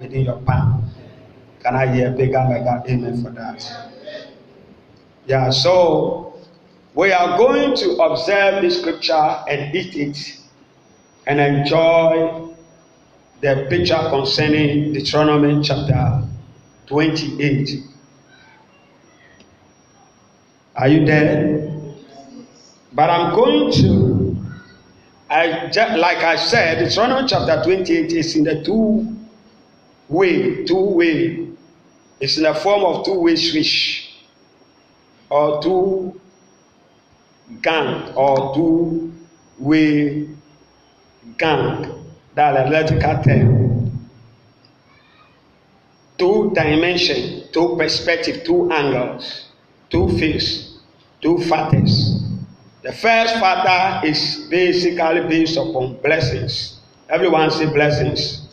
within your palm. Can I hear bigger, mega amen for that? Yeah, so we are going to observe the scripture and eat it and enjoy the picture concerning Deuteronomy chapter 28. Are you there? But I'm going to, I, like I said, Deuteronomy chapter 28 is in the two way, two way. It's in a form of two way switch or two gang or two way gang. That's a logical term. Two dimension, two perspective, two angles, two face, two factors. The first factor is basically based upon blessings. Everyone say blessings.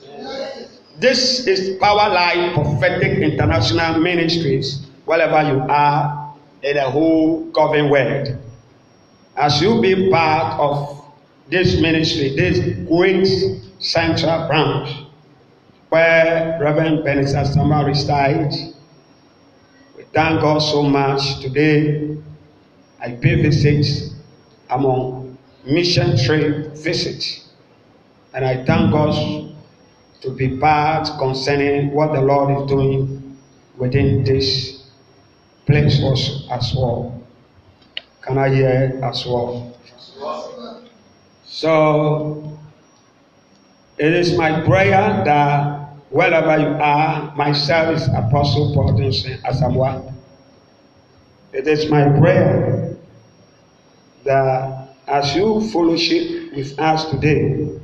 This is Power Life Prophetic International Ministries, wherever you are in the whole government world. As you be part of this ministry, this great central branch where Reverend Benedict Asama resides, we thank God so much today. I pay visit among mission trip visits, and I thank God to be part concerning what the Lord is doing within this place us as well. Can I hear as well? So it is my prayer that wherever you are, myself is Apostle Paul Asamoah. It is my prayer that as you fellowship with us today,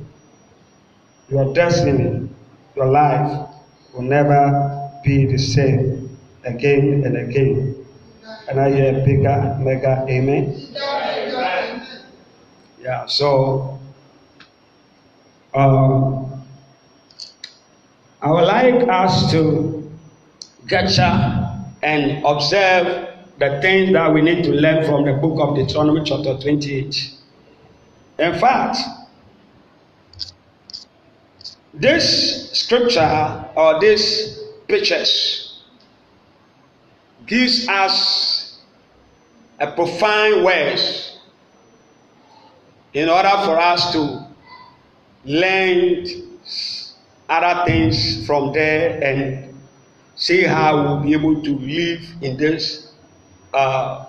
your destiny your life will never be the same again and again. And I hear bigger, mega amen. Yeah, so um, I would like us to gather and observe the things that we need to learn from the book of Deuteronomy, chapter 28. In fact, This scripture or these pictures gives us a profound words in order for us to learn other things from there and see how we'll be able to live in this uh,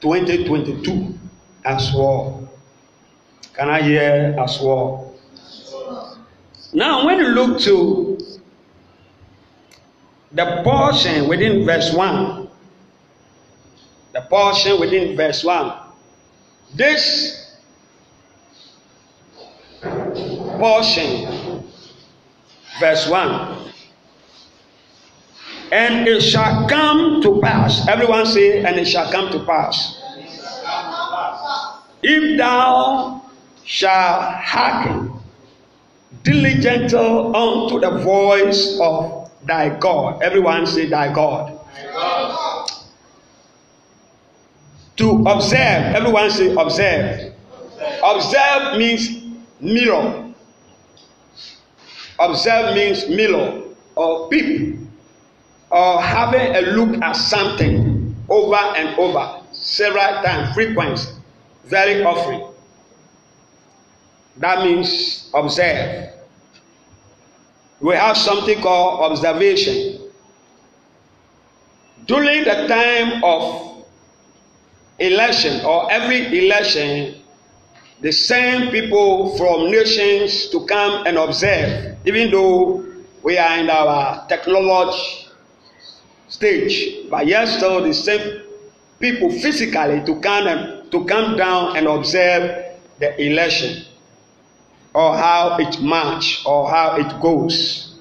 2022 as well. Can I hear as well? Now, when you look to the portion within verse 1, the portion within verse 1, this portion, verse 1, and it shall come to pass. Everyone say, and it shall come to pass. If thou shalt hearken diligent unto the voice of thy God. Everyone say, Thy God. To observe, everyone say, observe. observe. Observe means mirror. Observe means mirror or peep or having a look at something over and over, several times, frequently, very often. That means observe. We have something called observation. During the time of election or every election, the same people from nations to come and observe, even though we are in our technology stage, but yet still the same people physically to come and, to come down and observe the election or how it march or how it goes.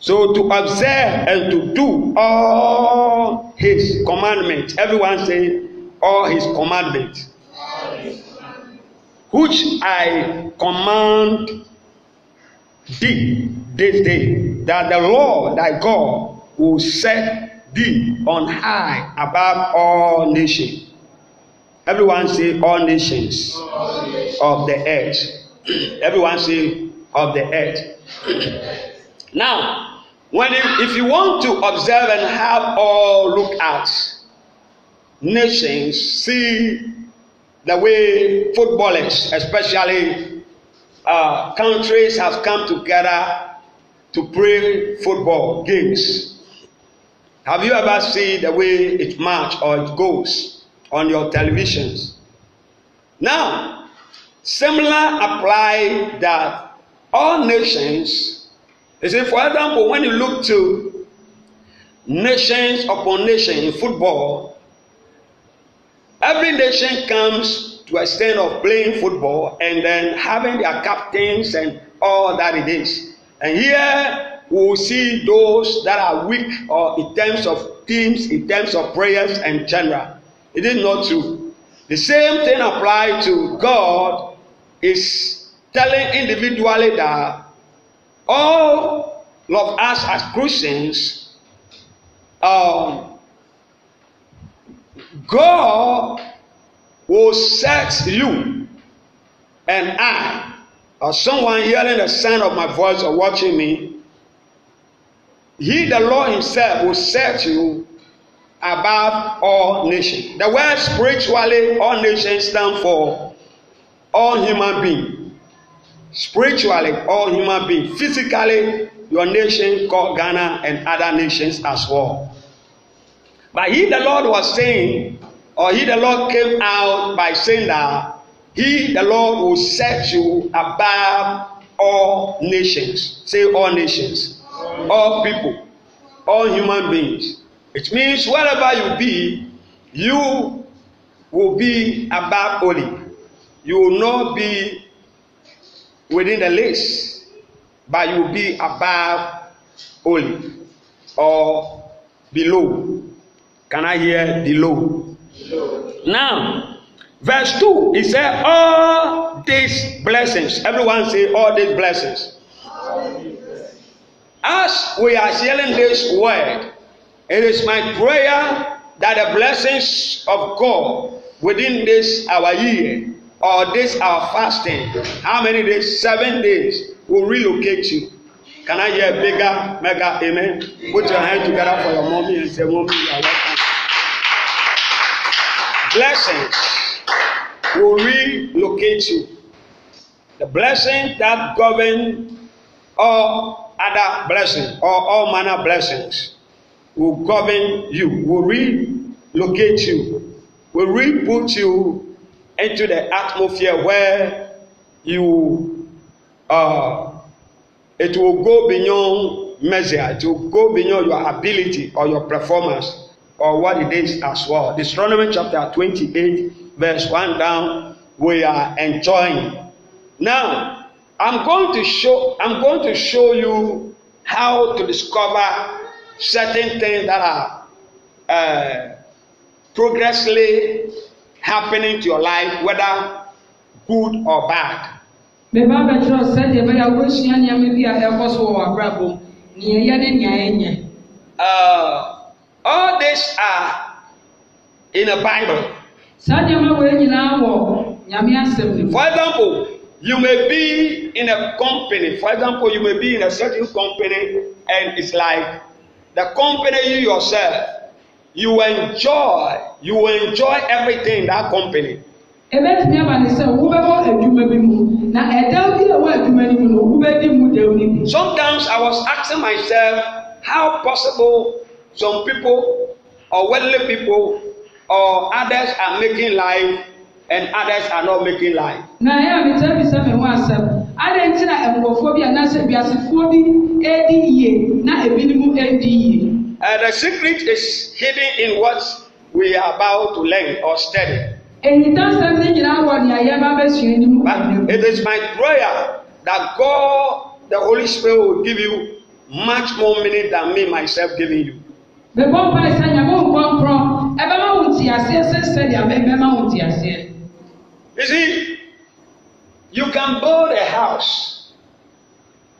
So to observe and to do all his commandments, everyone say all his commandments, which I command thee this day, that the Lord thy God will set thee on high above all nations. Everyone say all nations, all nations. of the earth. Everyone say, of the earth. now, when you, if you want to observe and have all look at nations, see the way footballers, especially uh, countries, have come together to play football games. Have you ever seen the way it marches or it goes on your televisions? Now, Similar apply that all nations, you see, for example, when you look to nations upon nation in football, every nation comes to a stand of playing football and then having their captains and all that it is. And here we will see those that are weak or in terms of teams, in terms of prayers and general. It is not true. The same thing applies to God is telling individually that all of us as Christians, um, God will set you and I, or someone hearing the sound of my voice or watching me, He, the Lord Himself, will set you above all nations. The word spiritually, all nations stand for all human being spiritually all human being physically your nation called ghana and other nations as well but he the lord was saying or he the lord came out by saying that he the lord will set you above all nations say all nations all people all human beings it means wherever you be you will be above only you will not be within the list, but you will be above only or below. Can I hear below? Now, verse 2, he said, All these blessings, everyone say, All these blessings. All these blessings. As we are sharing this word, it is my prayer that the blessings of God within this our year or this our fasting, how many days? Seven days will relocate you. Can I hear bigger, mega amen? Put your hand together for your mommy and say, Mommy, I love you." Blessings will relocate you. The blessing that govern all other blessings or all manner blessings will govern you, will relocate you, will re-put you into the atmosphere where you uh, it will go beyond measure it will go beyond your ability or your performance or what it is as well Deuteronomy chapter twenty-eight, verse one. down we are enjoying now I'm going to show I'm going to show you how to discover certain things that are uh, progressively happening to your life whether good or bad. bẹ̀rẹ̀ abẹ́kyerẹ́ ọ̀sẹ̀ deɛ bẹ́ẹ̀ yàgò esua nneɛma bi a ɛkɔ so wɔ abrabɔ nea yɛ de nea yɛ nyɛ. Uh, all these are in the bible. saa nneɛma wɔ nyinaa wɔ nyame asɛm ne mu. for example you may be in a company for example you may be in a certain company and it's like the company you yourself you enjoy you enjoy everything in that company. Ẹ̀bẹ̀tìmí àbá ni sẹ́, òkú bẹ́ bọ́ ẹ̀dwuma bí mu, na ẹ̀dá bí ẹ̀wọ́ ẹ̀dwuma ni mu na òkú bẹ́ dín mu dẹ̀wọ́ ni bi. Sometimes I was asking myself how possible some people or wealthy people or others are making life and others are not making life. Na ẹ̀ àmì tẹ́lifí sẹ́mi wọ́n àṣẹ, adé ń tí na ẹ̀mọ̀fọ́ bí ẹ̀ náà ṣe bí àṣẹfọ́ bí ẹ̀ dín yìí na ẹ̀bí ni mu ẹ̀ dín yìí. And uh, the secret is hidden in what we are about to learn or study. But it is my prayer that God the Holy Spirit will give you much more meaning than me myself giving you. Bẹ̀bọ̀ bá ẹsẹ̀ ẹ̀yàmó nkọ̀ọ̀kan ẹ bẹ́ẹ̀ máa wùn tì àṣẹ ẹsẹ̀ ṣẹ̀dí àmì ẹ bẹ́ẹ̀ You see, you can build a house,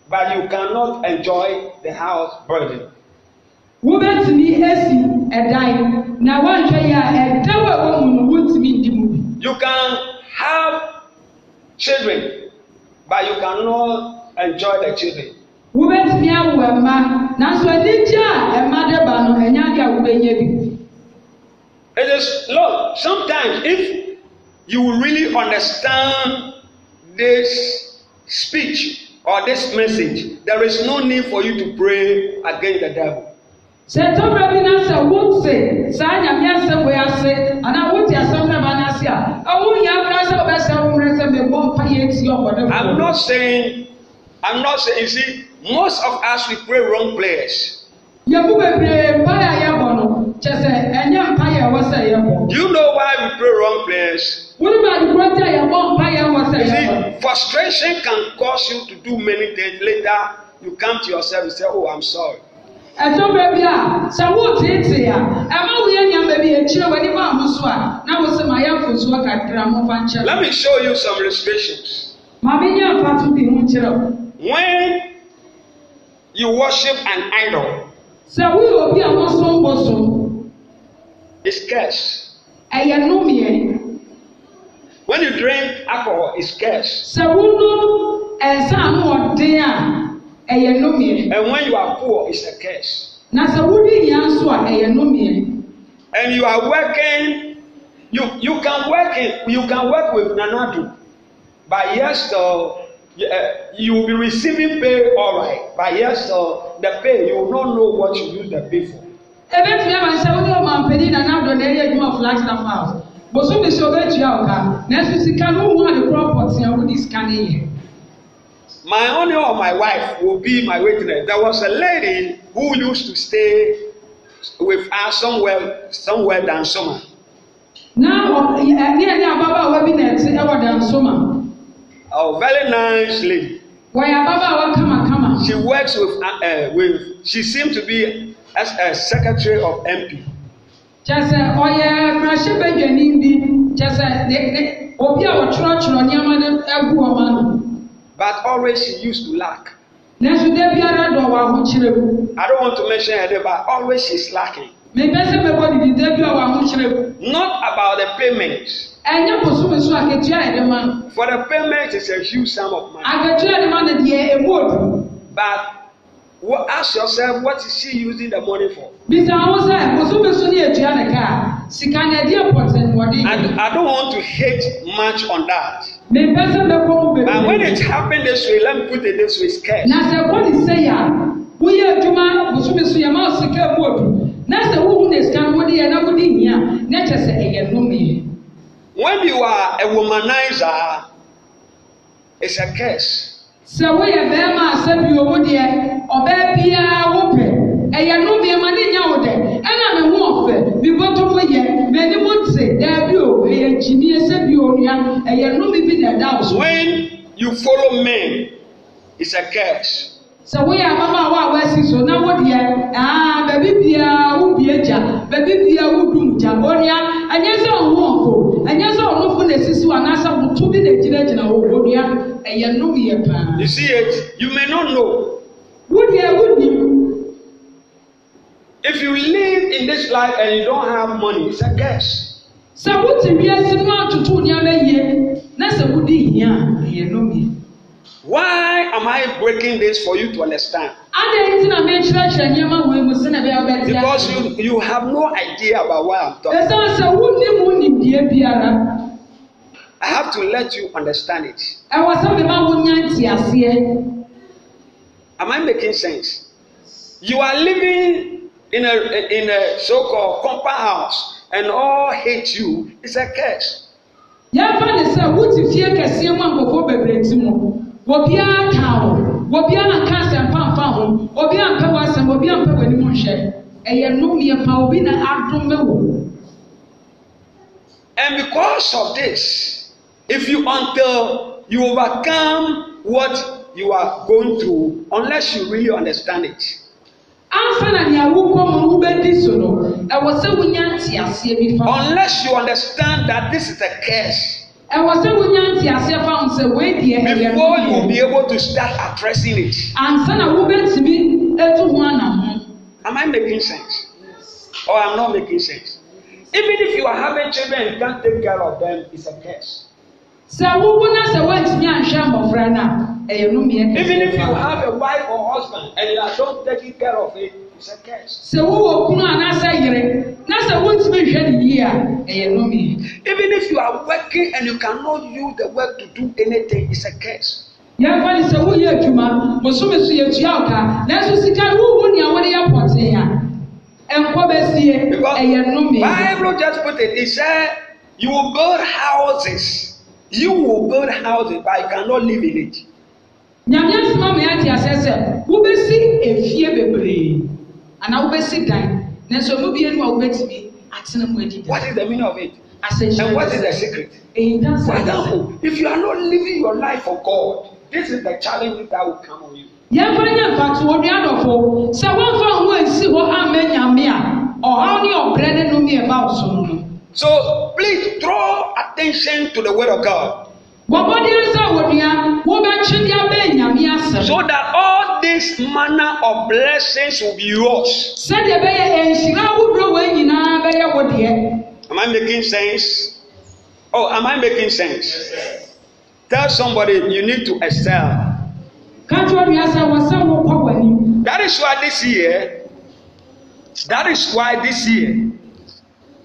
but you cannot enjoy the house building wobɛtumi esi ɛdan na wɔnhwɛ yɛ a ɛdan a ɛwɔ mu no wotumi di mu bi. you can have children but you can not enjoy the children. wobɛtumi awo ɛma nanso anigye a ɛma de ba no ɛnya de a wobɛnya bi. it is look sometimes if you really understand this speech or this message there is no need for you to pray against the devil sɛ bi na sɛ wote saa nyame asɛm wɔ ase anaa wote asɛm na ba n'ase a ɛwo nyɛ abira sɛ ɔbɛsɛ wɔmmerɛ sɛ mebɔ mpa yɛ ti ɔbɔdɛ kɔ. i'm not saying i'm not saying you see most of us we pray wrong prayers. yɛbu bebree mpa yɛ yɛ bɔ no kyɛ sɛ ɛnyɛ mpa yɛ ɛwɔ sɛ yɛ bɔ. do you know why we pray wrong prayers. wúni bá dùkúrò tí a yẹ bọ́ mpa yẹ wọ sẹ yẹ bọ́. you see frustration can cause you to do many things later you come to yourself and say oh i'm sorry ɛtɔ baabi a sɛ woteetee a ɛma woyɛ nneɛma bi akyire w'ani baa ho so a na wo sɛ mayɛmfo so kakra momfa nkyerɛ let me show you some reservations ma menyɛ mpato bi ho nkyerɛ wo when you worship an idol sɛ woyɛ obi a wosom bosom is curse ɛyɛ nomiɛ when you drink alcohol is curse sɛ wonom ɛnsa ano ɔden a ɛyɛ nomiɛ and when you wɔ is a curse. na sɛ wodi yia nso a ɛyɛ nomiɛ. and you are working you you can work in, you can work with nanadu but yes uh, uh, you will be receiving pay all right but yes uh, the pay you will not know what you use the pay for. ebe tun yɛ ma sɛ wodi o ma mpɛni nanadu na ɛyɛ edwuma flagstaff house bosomi sɛ o bɛ tuya o ka na esu sika no hu adekorɔ pɔtɛn o di sika ne yɛ my only or my wife will be my witness. There was a lady who used to stay with us somewhere, somewhere down summer. Now, down Oh, very nice lady. She works with, uh, uh with she seems to be as a secretary of MP. Just but always she used to lack. N'esu de biara dɔn wa ho kyerɛ mu. I don't want to mention her name but always she is lacking. Mèmí ẹsẹ̀ mẹ́kọ́ dìdí de bi wa ho mu. Not about the payment. Ẹ̀yẹ́ bùsùnmùsùn àkẹ́tùyà ẹ̀dẹ̀ ma. For the payment is a huge sum of money. Àkẹ́tùyà ẹ̀dẹ̀ ma nìdí ẹ̀ ẹ̀ wọ́ọ̀dù. But ask yourself what is she using the money for. Bisa àwọn sẹ́, bùsùnmùsùn ni ètùyà nìkan sika na ɛdi ɛpɔtɛ ni wɔde. I, I don't want to hate much on that. Mi pɛsɛ bɛ kɔ bɛ. But when it happen this way, let me put it this way, scarce. Na sɛ kɔ ni sɛ ya, woyɛ adwuma bosomi so yɛ maa sika mu odu. Na sɛ wohu na sika no wɔde yɛ na wɔde nyia, na kyɛ sɛ ɛyɛ nnome. When you are a womanizer, it's a curse. Sɛ woyɛ bɛrima asɛ bi owo deɛ, ɔbaa biara wopɛ, ɛyɛ nnome ma ne nya wo bibɔtɔm yɛ mɛni mo te daabi o ɛyɛ kyini ɛsɛ bi o nua ɛyɛ numi bi na ɛda so. when you follow me, it's a curse. sɛ woyɛ ababaawa a wasi so na wodeɛ aa baabi biara wobie gya baabi biara wodum gya onua ɛnyɛ sɛ ɔho ɔko ɛnyɛ sɛ ɔnofo na esisi wo anaasɛ woto bi na gyinagyina wo onua ɛyɛ nnome yɛ paa. you see it you may not know. wodeɛ wonim. If you live in this life and you don't have money, it's a curse. Sɛ wotu wiase mu atutu ní abẹ́yẹ, na sɛ wodi ìhìn a, ìyẹn ló mi. Why am I breaking this for you to understand? Adé ti na mi kyerɛkyerɛ nneɛma wo emu sɛ na bi abɛ Because you you have no idea about what I'm talking. Ɛsɛ sɛ wo ni mu ni die biara. I have to let you understand it. Ɛwɔ sɛ mi wo nya ti aseɛ. Am I making sense? You are living in a in a so-called compound house and all hate you is a curse. yàtọ̀ ní sẹ́ wùtí fíẹ́ kẹsíẹ́ mọ́ àgbọ̀fọ́ bẹ̀rẹ̀ ti mu wòbíà kàn ó wòbíà nà ká sẹ̀ mpàmfà ho òbíà mpẹ́ wà sẹ̀ òbíà mpẹ́ wà nímú nhwẹ́ ẹ̀yẹ num yẹ pa òbí nà adùn mẹ́wò. And because of this, if you until you overcome what you are going through, unless you really understand it. Unless you understand that this is a curse. Ẹ̀wọ̀ sẹ́ wọ́n yá ntí ase fa ọ̀hún sẹ́ wọ́n di ẹ̀yẹ mi. Before you will be able to start addressing it. Ansa na wo bẹ ti bi etu ho anamu. Am I making sense? Yes. Or I'm not making sense? Even if you are having children and can't take care of them, it's a curse. Sẹ́ wọ́n wọ́n náà sẹ́ wọ́n ti ní ànhwẹ́ mbọ̀fra náà. Even if you have a wife or husband and you are not taking care of it, it's a curse. Sɛ wowɔ kunu anaasɛ yere na sɛ wontumi hwɛ ne yie a ɛyɛ nnome. Even if you are working and you cannot use the work to do anything, it's a curse. yɛmfa ne sɛ woyɛ adwuma bosome so yɛtua wo ka nanso sika wohu nea wode yɛ pɔtee a ɛnkɔ bɛsie ɛyɛ nnome bible just put it it said you will build houses you will build houses but you cannot live in it nyame afima mi ate asɛ sɛ wobɛsi efie bebree anaa wobɛsi dan nanso ɔmo bie no a wobɛtumi atena mu adi da. what is the meaning of it. asɛnkyerɛ and what is the secret. eyi that's why. wadahu if you are not living your life for God this is the challenge that will come on you. yẹn fẹ́ yẹn fàtí omi àdọ̀fọ̀ sẹ wọ́n fà wọ́n èsì wọ́n àmẹ́ nyàmé à ọ̀hán ní ọ̀brẹ́ nínú mi ẹ̀ bá ọ̀sán nù. so please draw attention to the word of God. So that all this manner of blessings will be yours. Am I making sense? Oh, am I making sense? Tell somebody you need to excel. That is why this year, that is why this year,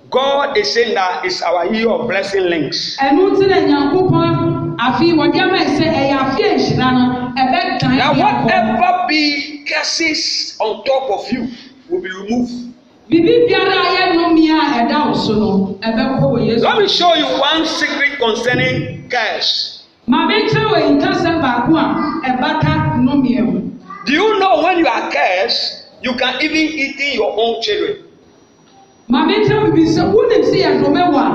God is saying that it's our year of blessing links afi wɔdɛma ɛsɛ ɛyɛ afi ɛnhyira no ɛbɛ dan na whatever be curses on top of you will be removed. Bibi biara a yɛnom yɛ a ɛda wo so no ɛbɛ kɔ wɔ Let me show you one secret concerning curse. Maame kyerɛ wɔ nkasɛ baako a ɛbata nomiɛ mu. Do you know when you are cursed, you can even eat your own children? Maame kyerɛ bibi sɛ wunim sɛ yɛ dome wɔ a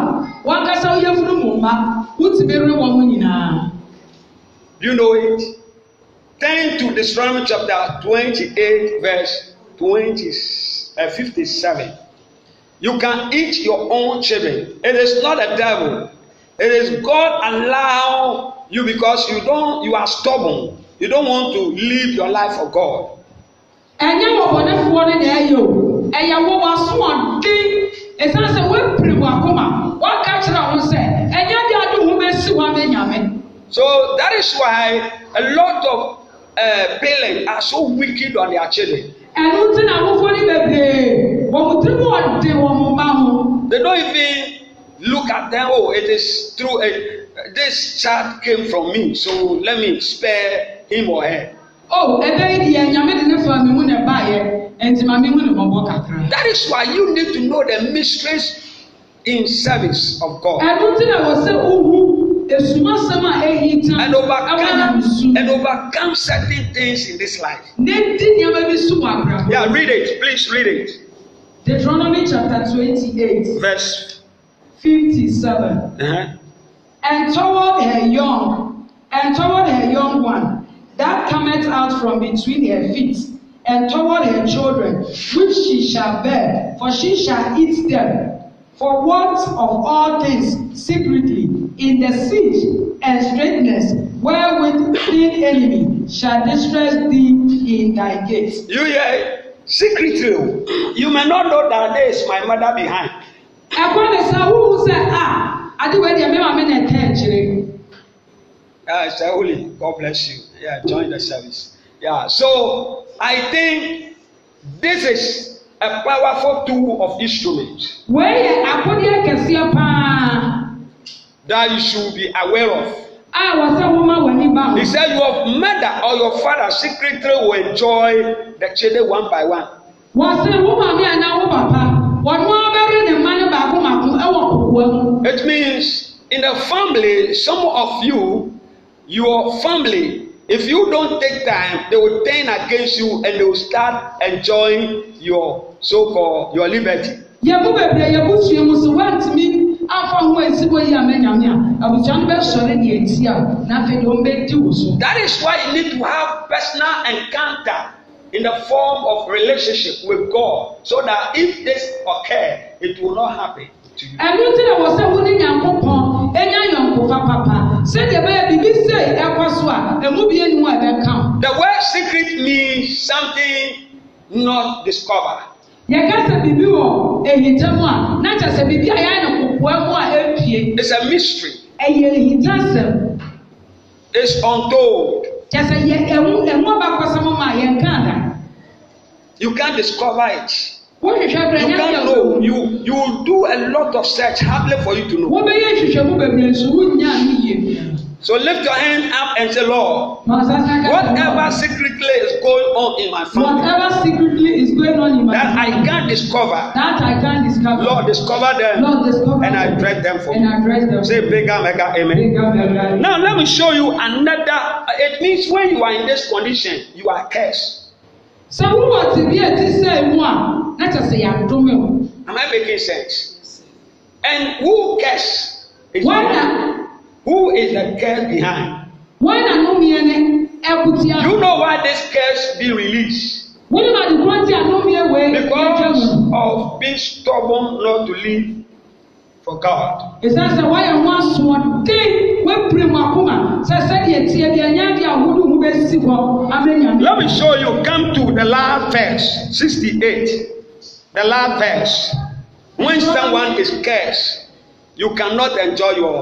wankasa yɛ funu ɔsi bɛ wura wɔn nyinaa. you know it turn to Deuteronomy chapter twenty-eight verse twenty uh, fifty-seven you can eat your own children it is not the devil it is God allow you because you don you are stubborn you don want to live your life for God. ẹ̀yẹ́ wọ̀bọ̀nẹ́fọ́ ni ẹ̀ yóò ẹ̀yẹ́ wọ́wọ́ sún ọ̀dín ɛsiane sɛ woapiri wɔ akoma woaka kyerɛ ho sɛ ɛnyɛ de ade ho bɛsi wo abɛ nyame so that is why a lot of uh, eh, parents are so wicked on their children. ɛnu ti na awofo ni bebree wɔn ti mu ɔde wɔn mma ho. they don't even look at them oh it is through eh, a this child came from me so let me spare him or her. oh ebe yi di yɛ nyame de ne fa mi mu na ba yɛ. Ẹnti maame hu ni mo bọ kakra. That is why you need to know the mysteries in service of God. Ẹnu ti na wọ sẹ ohu esumasẹm a eyi tan awọn nusu. And overcome certain things in this life. Ne di nneɛma bi sum abrabọ. Yeah, read it please read it. Deuteronomy chapter twenty-eight. Verse. Fifty-seven. Uh-huh. And toward her young, and toward her young one, that cometh out from between her feet and toward her children, which she shall bear, for she shall eat them. For what of all things secretly, in the siege and straightness, wherewith thine enemy shall distress thee in thy gates. You hear? Secretly, you may not know that there is my mother behind. Ẹ̀kọ́ ni sẹ́, wúwo sẹ́, ah, Adéwẹ̀dì ẹ̀mí màmí nà ẹ̀tẹ́ ẹ̀kyẹ̀rẹ̀. Yeah, Sir Holy, God bless you. Yeah, join the service. Yeah, so I think this is a powerful tool of instrument. Wẹ́n yẹ àkúndé kẹsíọ́ paa. That you should be aware of. A wọ́n sẹ́ wọ́n máa wọ̀ ní He said your mother or your father secretly will enjoy the children one by one. Wọ́n sẹ́ wọ́n maame àná wọ́n bàbá wọ́n mú abẹ́rẹ́ ní mma ní màkú ẹ̀wọ̀ kòkó mu. It means in the family some of you your family If you don't take time, they will turn against you and they will start enjoying your so-called your liberty. Yẹ̀bú bèbèrè yẹ̀bú sùn mu sùn wá ntumi afa ho esi wo yi amẹnyamẹ a abusua no bẹ sọrọ ní etí a n'afẹ de wọn bẹ di wò so. That is why you need to have personal encounter in the form of relationship with God so that if this occur it will not happen to you. Ẹnu tí na wọ́n sẹ́wọ́n ní nyankó pọ̀ ẹ̀ nyá yọ̀nkó pápápá sɛdeɛ bɛyɛ biribi sei ɛkɔ so a ɛmu bie ni mu a ɛbɛka o. the word secret means something not discovered. yɛkasa biribi wɔ ehitam a n'akyɛ sɛ biribi a yɛayɛ no kokoa a epie. it's a mystery. ɛyɛ ehitasɛm. it's untold. kyɛ sɛ yɛ ɛmu ɛmu abakɔsɛm ma yɛn kan da. you can't discover it wohwehwɛ brɛ you can know you you will do a lot of search hardly for you to know. wobɛyɛ nhwehwɛmu bebree so wonya ne yie. So lift your hand up and say, Lord, whatever secretly is going on in my family, whatever secretly is going on in my that I can't discover, that I can't discover, Lord, discover them, Lord, discover and them, I dress them for and I dress them. Say, bigger, Bigger, mega, amen. Now let me show you another. It means when you are in this condition, you are cursed sɛ wowɔ tibia ti sɛ mu a na kyɛ sɛ yɛadome wo am i making sense and who cares wɔna who is the girl behind wɔna no mmiɛ ne ɛbutia you know why this curse be released wɔn na nkurɔ ti a no mmiɛ wei because of being stubborn not to live for God. ɛsan sɛ wɔyɛ ho asoɔden wabere mu akoma sɛ sɛdeɛ teɛ deɛ nyɛ deɛ ahodoɔ ho bɛsisi hɔ amenya. let me show you come to the last verse sixty eight the last verse when someone is cursed you cannot enjoy your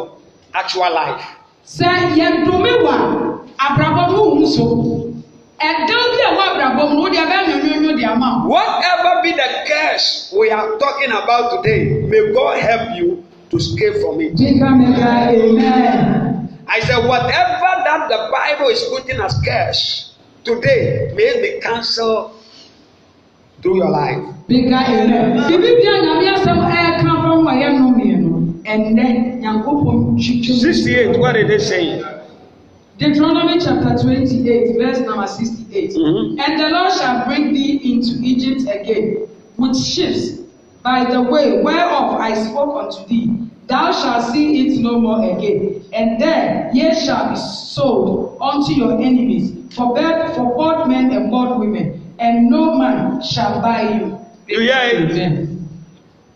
actual life. sɛ yɛdome wa abrabɔ mu ohun so ɛdɛw bi a abrabɔ mu o deɛ bɛ nyɔnyɔnyɔ de ama. whatever be the curse we are talking about today may God help you to escape from it. I said, whatever that the Bible is putting as curse today, may it be cancelled through your life. Sixty-eight. What are they saying? Deuteronomy chapter twenty-eight, verse number sixty-eight. Mm-hmm. And the Lord shall bring thee into Egypt again with ships By the way whereof I spoke unto thee, thou shalt see it no more again. And then ye shall be sold unto your enemies, for, bed, for both men and both women, and no man shall buy you. You hear it? Amen.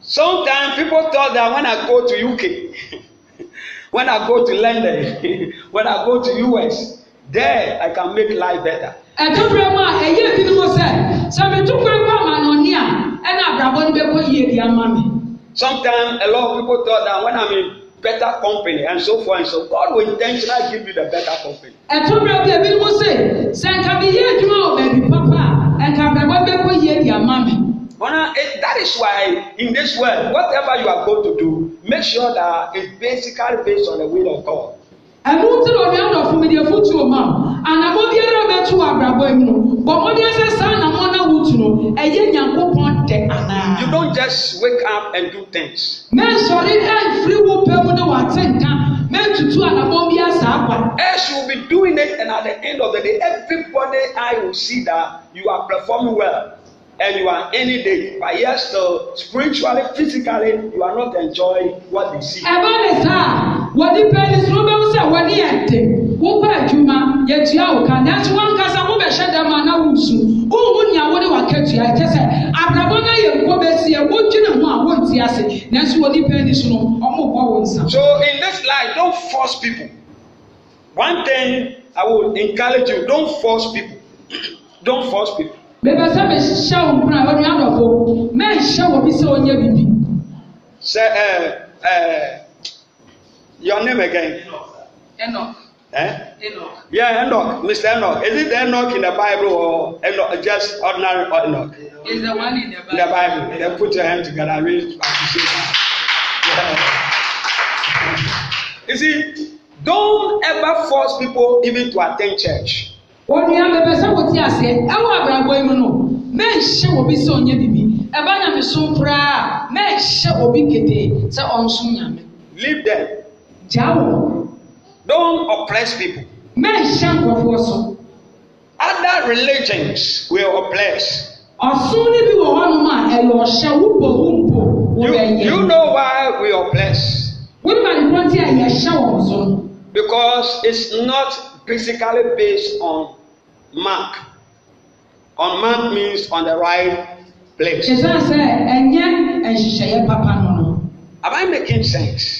Sometimes people thought that when I go to UK, when I go to London, when I go to US, there I can make life better. Ẹ̀tún fún ẹ mọ́ sẹ́, sẹ́mi tún fún ẹ kọ́ ní à ɛna abrabɔ no bɛkɔ yie de ama mi. sometimes a lot of people thought that when i'm in better company and so forth and so God will intentionally give you the better company. ẹ̀tọ́ bẹ̀rẹ̀ bí ebi mo ṣe ṣe nǹkan mi yé ẹ̀dùnmá ọ̀ bẹ̀bí pápá nǹkan abrabɔ bẹ́kọ̀ yie de ama mi. Well, it, that is why in this world, whatever you are going to do, make sure that it's basically based on the will of God. ẹnu tí lóde ọdọ fún mi di efu tí o ma ànàmọ bí ẹrẹ bẹ tú àgbàgbọ ẹ mu bọ ọdí ẹsẹ sáà nàmọ náà wù tù nù ẹ yẹ nyankó pọ. Ah. You don't just wake up and do things. Mẹ́sọ̀rí ẹ̀ firiwo pẹ́ mu ni wà á ti nǹkan. Mẹ́tutu àlàbọ̀ bí àṣà àgbà. As you will be doing it and at the end of the day everybody I will see that you are performing well and you are any day by yes so uh, spiritually physically you are not enjoying what you see. Ẹ bá lè sá wɔde pɛnisoro bɛhu sɛ wɔde yɛ de wopɛ adwuma yɛtua wo ka nanso wankasa wobɛhyɛ dɛm a na wosu wohu nea wode wakatua ɛkyɛ sɛ abrabɔ no yɛ nkɔ bɛsiɛ wodwene ho a wonti ase nanso wɔde pɛnisoro ɔmobɔ wo nsa so in this life don't force people one thing i will encourage you don't force people don't force people bébà sẹ mi hyẹ wọn kúrò àwọn ẹni àdọfo mẹ n hyẹ bí sẹ wọn yẹ bìbí. sẹ ẹ ẹ. Your name again? Enoch. Eh? Enoch. Yeah, Enoch. Mr. Enoch. Is it Enoch in the Bible or Enoch, just ordinary Enoch? Is the one in the Bible. In the Bible. they put your hand together. I will appreciate that. Yeah. You see, don't ever force people even to attend church. Onua bẹbẹ sẹ wò ti ase ẹwọ e abrabọ yi mu no mẹ n ṣe obi sẹ ọnyẹ bibi ẹba e nyame sun koraa mẹ n ṣe obi kete sẹ ọnsun nyame. Leave them gyaa wɔn. don't oppress people. Men mẹ́ẹ̀hyẹ́ nkurɔfoɔ so. other religions will oppress. ọ̀sùn níbi wọ̀ họ́nom a ẹ̀yọ̀ ọ̀hyẹ́ wúbò wúbò wọ́n ẹ̀yẹ. you know why we oppress. wọ́n mọ̀ nípa ti ẹ̀yẹ hyẹ́ wọ̀ so. because it's not physically based on mark. On mark means on the right place. ṣe sẹ́ ẹ̀ ẹ̀yẹ ẹ̀hyehyẹ́ papa nù. am I making sense?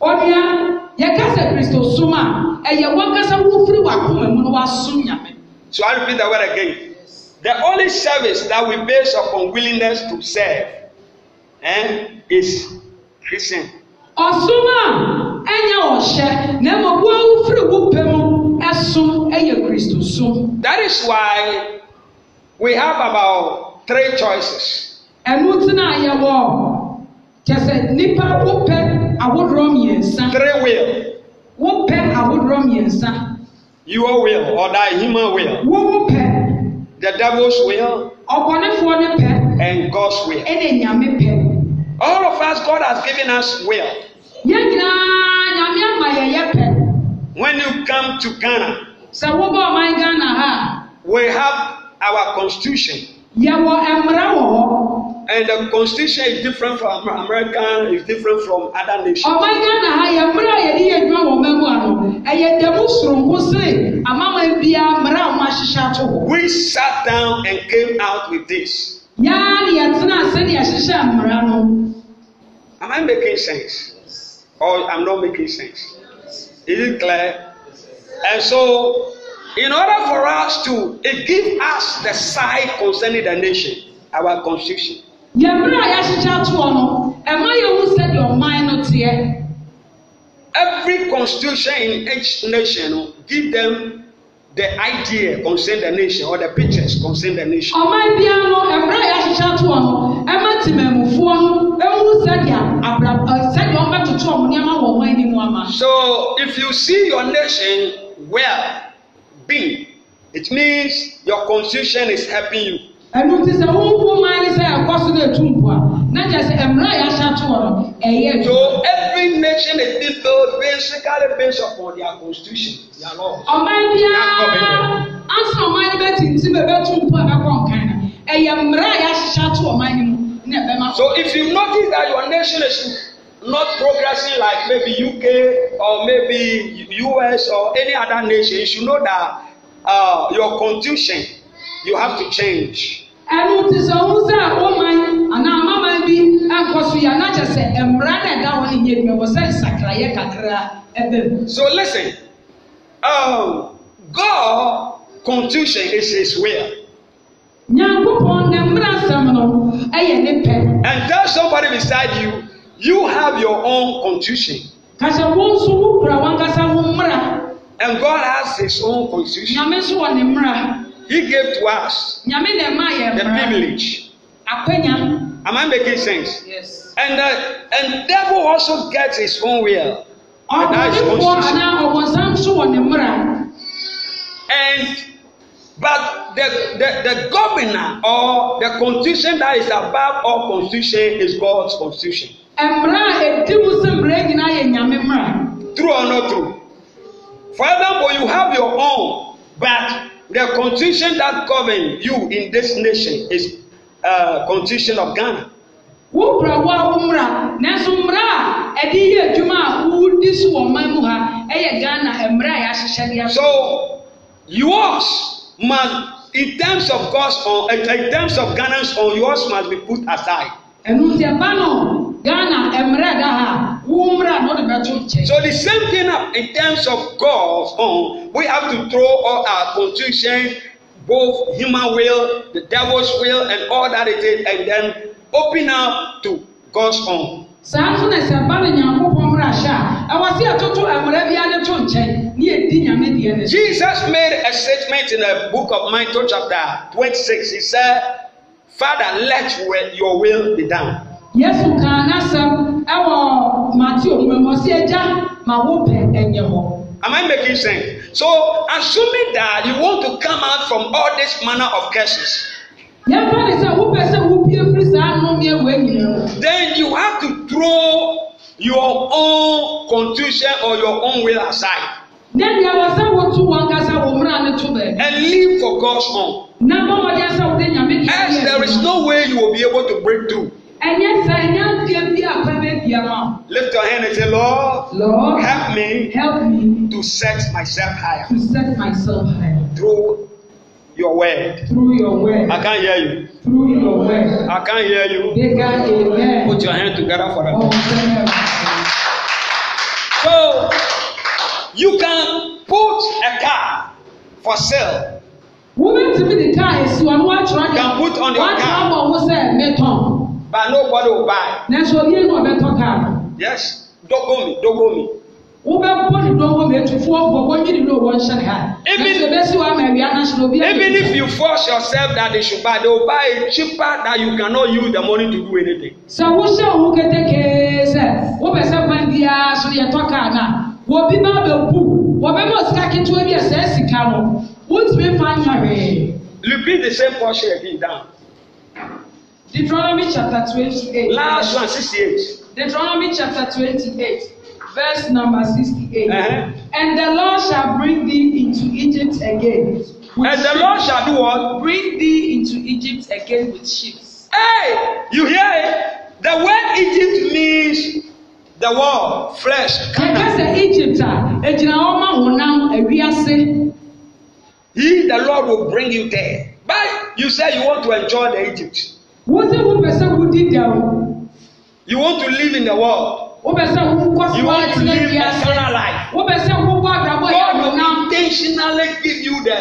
onua yɛka sɛ kristo som a ɛyɛ e wankasa wofiri wakoma mu na wasom nyame so i repeat that word again the only service that we base upon willingness to serve eh, is christian. ɔsom a ɛnyɛ ɔhyɛ na mmom wo a wofiri wo pɛ mu ɛsom ɛyɛ kristo som. that is why we have about three choices. ɛnu tena yɛ wɔ kyɛ sɛ nipa wo ahodoɔ mmiɛnsa. three will. wo pɛ ahodoɔ mmiɛnsa. your will or thy human will. wo wo pɛ. the devil's will. ɔbɔnefoɔ ne pɛ. and God's will. ɛna nyame pɛ. all of us God has given us will. yɛn nyinaa nyame ama yɛyɛ pɛ. when you come to Ghana. sɛ wobɔ ɔman Ghana ha. we have our constitution. yɛwɔ mmara wɔ hɔ. And the constitution is different from American, is different from other nations. Ọ̀man Ghana ha yẹ mmerẹ a yẹde yẹ adwuma wọ mẹ́mu ano, ẹ̀yẹ dẹ̀mu soronko sẹ́yìn, àmàmà bíi mmerẹ àwọn ahyehyẹ ato We sat down and came out with this. Yáa ni yẹ tena ase ni ahyehyẹ mmerẹ no. Am I making sense? Yes. Or I'm not making sense? Is it clear? And so, in order for us to, give us the side concerning the nation, our constitution yɛn mmerɛ a yɛahyehyɛ atoɔ no ɛma yɛn sɛ deɛ ɔman no teɛ. Every constitution in each nation no, give them the idea concern the nation or the pictures concern the nation. Ọman bia no, mmerɛ a yɛahyehyɛ atoɔ no, ɛma temamufoɔ no ehu sɛdeɛ abra sɛdeɛ ɔbɛtoto ɔmo nneɛma wɔ ɔman anim ama. So if you see your nation well being, it means your constitution is helping you ɛnu ti sɛ huhu maa ni sɛ ɛkɔ so na etu mpo a na kyerɛ sɛ mmerɛ a yɛahyɛ ato wɔ no ɛyɛ. so every nation is being built basically based for their constitution their law. ɔman biara asan ɔman ni bɛ tintim bɛ tu mpo a bɛ kɔ nkan na ɛyɛ mmerɛ a yɛahyehyɛ ato ɔman ni mu na ɛbɛ ma. so if you notice that your nation is not progressing like maybe uk or maybe us or any other nation you should know that uh, your constitution you have to change ɛnu ti sɛ ɔmu sɛ ɔman anaa amaman bi ɛnkɔ so yɛ anakyɛ sɛ mmara na ɛda hɔ ne yɛ dwuma wɔ sɛ nsakrayɛ kakra ɛbɛ mu. so listen oh, god confusion is his will. nyankopɔn ne mmara nsɛm no ɛyɛ ne pɛ. and tell somebody beside you you have your own constitution. kasɛ wɔn nso wukura wɔn ankasa wɔn mmara. and god has his own confusion. nyame nso wɔ ne mmara. He gave to us the privilege. Am I making sense? Yes. And the and devil also gets his own will. And but the, the, the governor or the constitution that is above all constitution is God's constitution. True or not true? Furthermore, you have your own, but The constitution that govern you in this nation is uh, constitution of Ghana. Wo bra wo umra nanso mra a ɛde yɛ adwuma a wodi so wɔ ɔman mu ha ɛyɛ Ghana mra a yɛahyehyɛ de aso. So yours must in terms of God's own in terms of Ghana's own yours must be put aside. Ẹnu ti ẹ bá nọ. Ghana mmerɛ da ha wo mmerɛ na ɔde bɛto So the same thing up in terms of God um, we have to throw all our confusions both human will the devil's will and all that it is and then open up to God's own. Saa nso na sɛ ba ne nyankopɔn mmerɛ ahyɛ a ɛwɔ se yɛtoto mmerɛ bi ade to nkyɛn ne yɛdi Jesus made a statement in the book of Matthew chapter twenty-six he said Father let your will be done yesu kan n'asɛm ɛwɔ matthew mmɛmɔ ɛgya ma wo pɛ ɛnyɛ hɔ. Am I making sense? So, assuming that you want to come out from all this manner of curses. Yẹ́nfà ni sẹ́, wọ́n pẹ̀ sẹ́, wọ́n pie firi sáà nù mí ẹ̀wọ̀ ẹ̀yìn. Then you have to throw your own contusion or your own will aside. Nẹ́ẹ̀ni àwọn sẹ́ wọ́n tún wọn kásá wọ́n múra ní tún bẹ̀. And live for God's own. Nàbọ̀ wọ́n di ẹsẹ̀ dé nyàmé kìí. As there is no way you will be able to break through. Lift your hand and say, Lord, Lord help me, help me to set myself higher. To set myself higher. Through your word. Through your word. I can't hear you. Through your word. I can't hear you. Put your hand together for oh, that. so you can put a car for sale. Woman, to be the car is one one trying. Can put on your car. One time, one was there, But nobody will buy. Nanso obi enu ọbẹtọ kaa. Yes, dogomi, dogomi. Wobɛbɔ ne dogomi etufuo bɔbɔ nyiri na owó nhyɛn ha. Ebi nanso ebesi wa ama ewia nanso na obi. Even if you force yourself that they should buy, they will buy it cheaper that you cannot use the money to do anything. Sɛ wohyɛ ohun keteke sɛ wobɛ sɛ fan biara so yɛ tɔ kaa na wobi bá bɛ bu wɔbɛ ma sika ketewa bi ɛsɛ sika no wotumi fa nya hwee. Repeat the same portion again down. Deuteronomy chapter twenty-eight. Last one sixty-eight. Deuteronomy chapter twenty-eight verse number sixty-eight. Uh-huh. And the Lord shall bring thee into Egypt again. And the Lord shall do what? Bring thee into Egypt again with ships. Hey, you hear it? The word Egypt means the world, flesh. Because sẹ́ Egypt a, egyina ọmọ ahunam ewiase. He the Lord will bring you there. But you say you want to enjoy the Egypt wọ́n sẹ́ wọ́n pẹ̀sẹ̀ wọ́n di dẹ̀ o. you want to live in the world. wọ́n pẹ̀sẹ̀ wọ́n kọ́ sí wọ́n ti lé di ẹsẹ̀ wọ́n pẹ̀sẹ̀ wọ́n kọ́ àdàbọ̀ ìyàwó náà. God intentionally give you the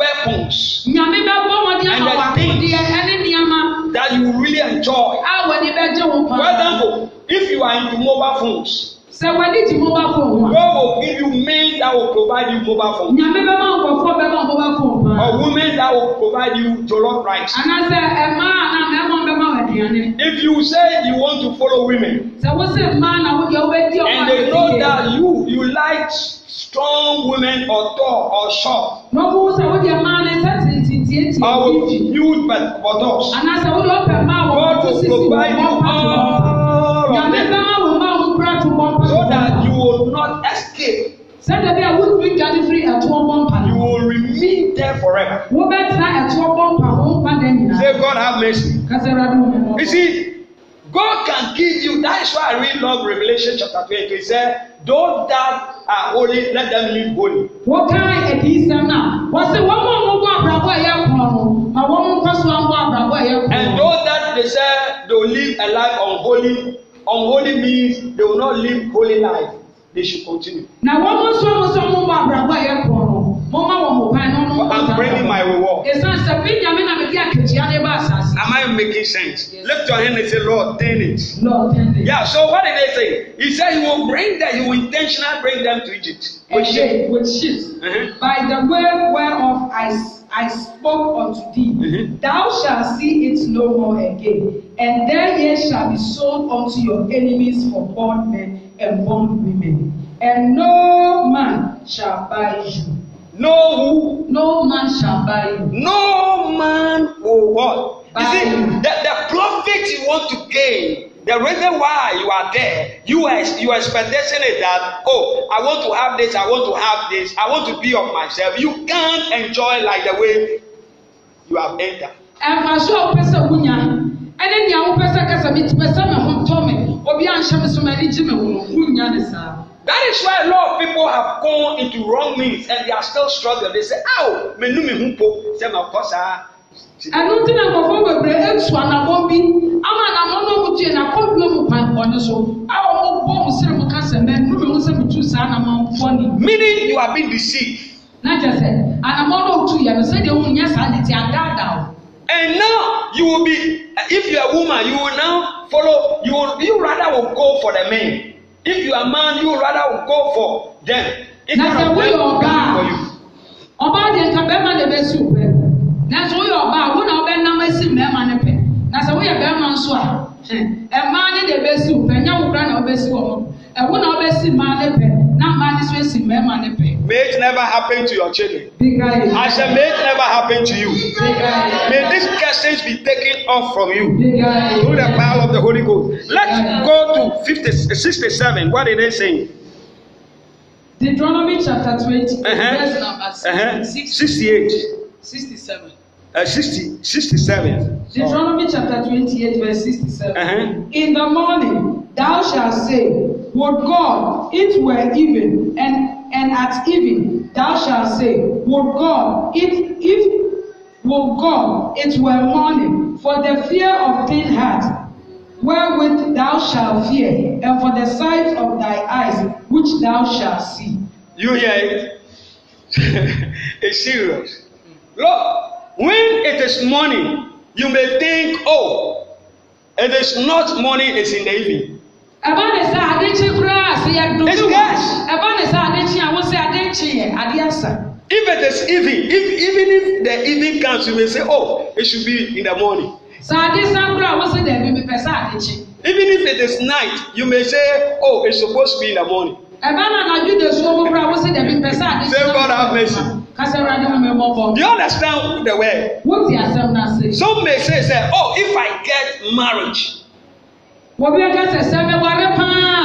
weapons. nyàmé bẹ bọ́ wọn ní àwọn àkùdíẹ ẹni ní ẹma. that you really enjoy. a wọ bẹ jẹ wọn pa. well done if you are into mobile phones. Sɛ w'ani ti mobile phone ho a. God will give you men that will provide you mobile phone. Nyame bɛ ma nkɔfɔ bɛ ma mobile phone ma. Or women that will provide you jollof rice. Anasɛ ɛma eh, na mɛma bɛ ma aduane. If you say you want to follow women. Sɛ wosɛ mmaa na wo deɛ wobɛ di ɔmo And they know that you you like strong women or tall or short. N'obu sɛ wo deɛ mmaa ne sɛ tiɛtiɛtiɛ. Or with huge buttocks. Anasɛ wo deɛ ɔpɛ mmaa wɔ wɔn sisi wɔn patuwa. God will provide you all will not escape. Sẹ́dẹ̀ bí a wúlò jáde firi ẹ̀tọ́ bọ́mpa. You will remain there forever. Wọ́n bẹ́ẹ̀ tẹ ẹ̀tọ́ bọ́mpa ọ̀hún padà nìyà. Say God have mercy. Kásẹ̀rọ̀ adúlọ̀ mi lọ. You see. God can give you. That is why I really love Revelation chapter twenty. He said, Those that are holy, let them live holy. Wọ́n ká ẹ̀dí ìsẹ́m náà. Wọ́n sẹ́ wọ́n mú ọmọ gbọ́ àbúràbọ̀ ẹ̀yẹ kùn Àwọn ọmọ nǹkan sọ àwọn àbúràbọ̀ ẹ̀yẹ kùn And those that they say they live a life unholy, unholy means they will not live holy life. They should continue. Na wɔn mo nso mo nso mo mo abrabọ a yɛ kɔ mo ma wɔn mo ban na wɔn mo I'm bringing my reward. Esan sɛ fi nyame na mi di akatua ne ba asase. Am I making sense? Yes. Lift your hand and say, Lord, turn it. Lord, turn it. Yeah, so what did they say? He said he will bring them, he will intentionally bring them to Egypt. With With shit. Uh-huh. By the word whereof I I spoke unto thee, mm-hmm. thou shalt see it no more again, and their years shall be sold unto your enemies for men and bond women, and no man shall buy you. No who? No man shall buy you. No man will what? Buy you see, the, the profit you want to gain, the reason why you are there, you are your expectation is that, oh, I want to have this, I want to have this, I want to be of myself. You can't enjoy like the way you have entered. Ẹ̀fà sọ́ọ̀ pẹ́sẹ̀ wúnyà, ẹni ní àwọn pẹ́sẹ̀ kẹsàn-án mi ti pẹ́sẹ̀ mi hàn tọ́ mi obi anhyɛ mi so ma ɛni gye mi ho wunya ne saa. That is why a lot of people have gone into wrong means and they are still struggling. They say, Ow, me nu mi hu po, sɛ ma kɔ saa. Ɛnu ti na nkɔfo bebree etu anabɔ bi ama anabɔ na ɔmo tue na kɔmpio mu pan ɔne so a ɔmo bɔ ɔmo sere mu kasa mɛ nu mi hu sɛ mi tu saa anamɔ bɔni. Meaning you are being deceived. Na kyerɛ sɛ anamɔ na otu yɛ no sɛ deɛ ohun nyɛ saa ne ti adaadaa o. And now you will be if you are a woman you will now follow, you you rather will go for the men. If you are man, you rather will go for them. It's na sɛ woyɛ ɔbaa ɔbaa deɛ nka bɛrima na ɛbɛsi wo pɛ nanso woyɛ ɔbaa wo na wobɛnam asi mmarima no pɛ na sɛ woyɛ bɛrima nso a ɛmaa ne de ɛbɛsi wo pɛ nyɛ wo kora na wobɛsi wɔ mo ẹ̀wọ́n náà bẹ́ẹ̀ sì máa ní pẹ̀ náà máa ní sọ èsì mẹ́ẹ̀mà ní pẹ̀. may it never happen to your children. I say may it never happen to you. May this message be taken off from you through the power of the Holy Ghost. Let's go to 50, 67. What did they say? Deuteronomy chapter 20, uh -huh. verse number uh-huh. uh -huh. 68. 67. Uh, 60, 67. Deuteronomy chapter 28, verse 67. Uh -huh. In the morning, thou shalt say, Would God it were even, and, and at even thou shalt say, Would God it if would God it were morning, for the fear of thin heart, wherewith thou shalt fear, and for the sight of thy eyes which thou shalt see. You hear it? it's serious. Look, when it is morning, you may think, Oh, it is not morning, it's in the evening ɛba ne sɛ adekyi koraa sɛ yɛ dumi wɔ ɛba ne sɛ adekyi a wɔn sɛ adekyi yɛ ade asa. Eh, if it is evening if even if the evening comes you may say oh it should be in the morning. sàdé sàkúrò àwọn sèdè ẹbí mi pẹ sàdé kye. even if it is night you may say oh it's supposed to be in the morning. ẹ̀bá náà nàá júdè sùn ọmọ kúrò àwọn sèdè ẹbí pẹ sàdé kye. say God have mercy. do you understand the word. wọ́n ti àṣẹ mi some may say say oh if I get marriage. Wọ́n bí ẹja sẹ̀sẹ̀ mi wárí paa.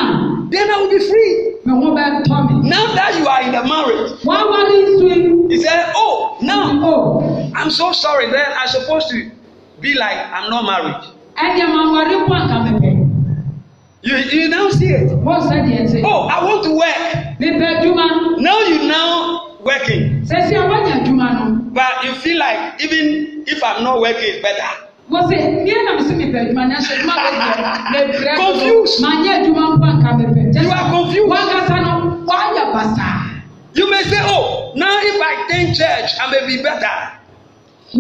Then I will be free. Mi wọ́n bẹ tọ́ mi. Now that you are in a marriage. Wọ́n wá ní ìsú. He said, oh, now oh. I'm so sorry then I supposed to be like I'm not married. Ẹ̀jẹ̀ máa wárí pọ̀ àkàmẹ̀pẹ̀. You you now see it. Wọ́n sẹ́ di ẹ̀sẹ̀. Oh, I want to work. Mi bẹ Juma. Now you now working. Sẹ́sí àwọn ẹ̀jẹ̀ Juma nù. But you feel like even if I'm not working, it's better wọ́n sẹ́ miẹ́ na mi sọ mi bẹ̀ ẹ̀dùmá ní aṣọ ẹ̀dùmá bẹ̀ bẹ̀ bẹ̀rẹ̀ confused mà nyẹ́ ẹ̀dùmá nǹkan bẹ̀ bẹ̀ jẹ́ you are confused wọ́n kasa no wọ́n yẹ basa. you may say oh now if I attend church I may be better.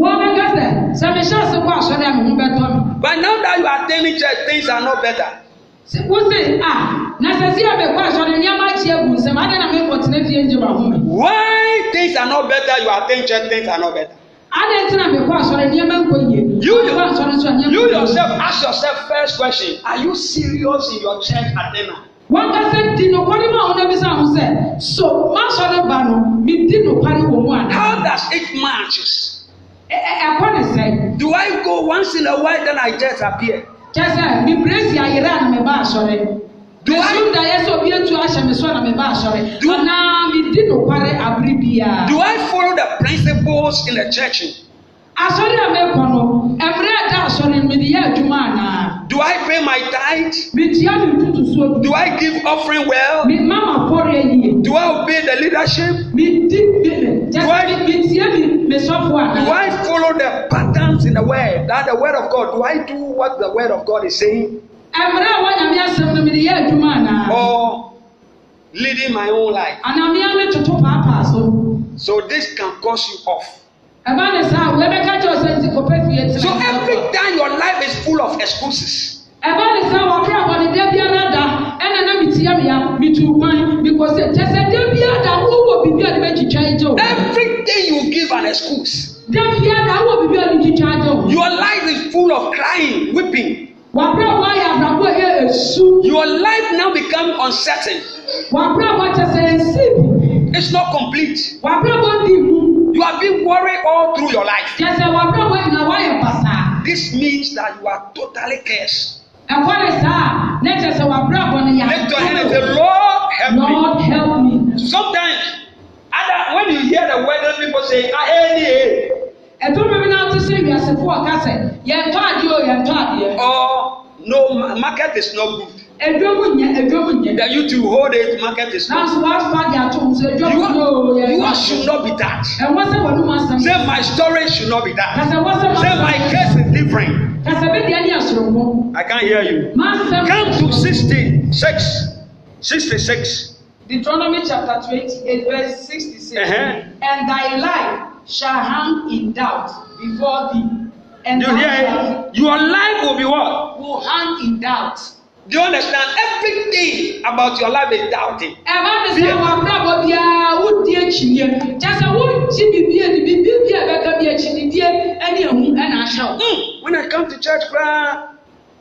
wọ́n bẹ kẹsẹ̀ sẹ́mi ṣáà ṣe kó aṣọ rẹ̀ mi ń bẹ tọ́ mi. but now that you are attending church things are not better. wọ́n sẹ́ ah na sí ẹ̀bẹ̀ kó aṣọ rẹ̀ ní ẹ̀ máa ṣe ẹ̀gùn sẹ́mi adé na mi kọ̀ tẹ́lẹ̀ fi ẹ̀ ń jẹ́ wà mi. why things are not better you attend church things are not better adé tí na mi kọ asọrọ ní ẹmẹ nkọ yẹ. you yourself ask yourself first question are you serious in your church atena. wọn kẹsẹ di nùkọrí mọ àwọn ẹbí sáà ń so má sọ ní ba nù mi di nùkọrí wò mu àná. how does it match. ẹkọ ni sẹ. do i go once in a while then i just appear. jẹsẹ mi praise ayẹrẹ àná mi bá asọrọ yìí w'anum da yɛ sɛ etu ahyɛ na mi ba asɔre mi di nokware abiri biara. do i follow the principles in the church. asɔre ah, a mi kɔ no ɛmɛrɛ ɛda asɔre mi di yɛ adwuma ana. do i pay my tithe. mi tia mi tutu so. do i give offering well. mi ma ma eyi. do i obey the leadership. mi di mi lɛ. do i mi tia mi. Do I follow the patterns in the word? That the word of God, do I do what the word of God is saying? mmerɛ a wanyame asɛm no mede yɛ adwuma anaa. or leading my own life. anamia mi toto paapaa so. so this can cause you off. ẹ̀bá ni sá wẹ́ẹ́ bẹ́ẹ̀ kájọ ṣe ti kò fi etí. so every time your life is full of excuses. ẹ̀bá ni sá wà pé àwọn ìdẹ́ bí ẹ̀rọ da ẹ̀nà náà mi ti yẹ mi ya mi tu wọn mi kò ṣe jẹsẹ̀ dé bí ẹ̀dá wọ́n wọ bíbí ẹ̀dá bẹ́ẹ̀ jìjà ẹ̀jẹ̀ o. everything you give an excuse. dé bí ẹ̀dá wọ́n wọ bíbí ẹ̀dá jìjà ẹ̀jẹ̀ o. your life is full of crying weeping. Wàbúrò wa yà àbúrò yẹ èṣù. Your life now become uncertain. Wàbúrò wa kyẹ̀sẹ̀ èsì. It's not complete. Wàbúrò wa di ìlú. You have been worried all through your life. Kyẹ̀sẹ̀ wàbúrò wa yìí na wà yẹ pàṣà. This means that you are totally cursed. Ẹ̀kọ́ ni sáà, ní kyẹ̀sẹ̀ wàbúrò wa ni yà. Lift your hand and Lord help me. Lord help me. Sometimes, other when you hear the word, people say, "Ah, eh, eh." ẹtọ mi náà ti sẹ wiase fún ọka sẹ yẹn tọ adeɛ yẹn tọ adeɛ. or no market is not good. Edwom nyɛ edwom nyɛ. That you too hold it market is not. N'asọ wàá sọ di ato mu sọ edwom nyɛ o yɛ. should not be that. Ẹ̀wọ́n sẹ́ wọ́n ní wọ́n Say my story should not be that. Kàsẹ̀ wọ́n sẹ́ wọ́n sẹ́. Say my case is different. Kàsẹ̀ bí diẹ ní àsòrògbó. I can't hear you. Máa sẹ́ wọ́n. Come to sixty six sixty six. Deuteronomy chapter twenty-eight verse sixty-six. Uh-huh. And thy life shall hang in doubt before thee. And you hear it? Your life will be what? Will hang in doubt. Do you understand? Everything about your life is doubting. Ẹ ti sẹ́ wà fúlàbọ̀ bí a wò di ẹ̀kí yẹ. Jẹ́sẹ̀ wò jí bìbí ẹ̀ bìbí bíbí ẹ̀ bẹ́ẹ̀ bí ẹ̀kí ni díẹ̀ ẹni ẹ̀hún ẹ̀ náà ṣe. When I come to church prayer,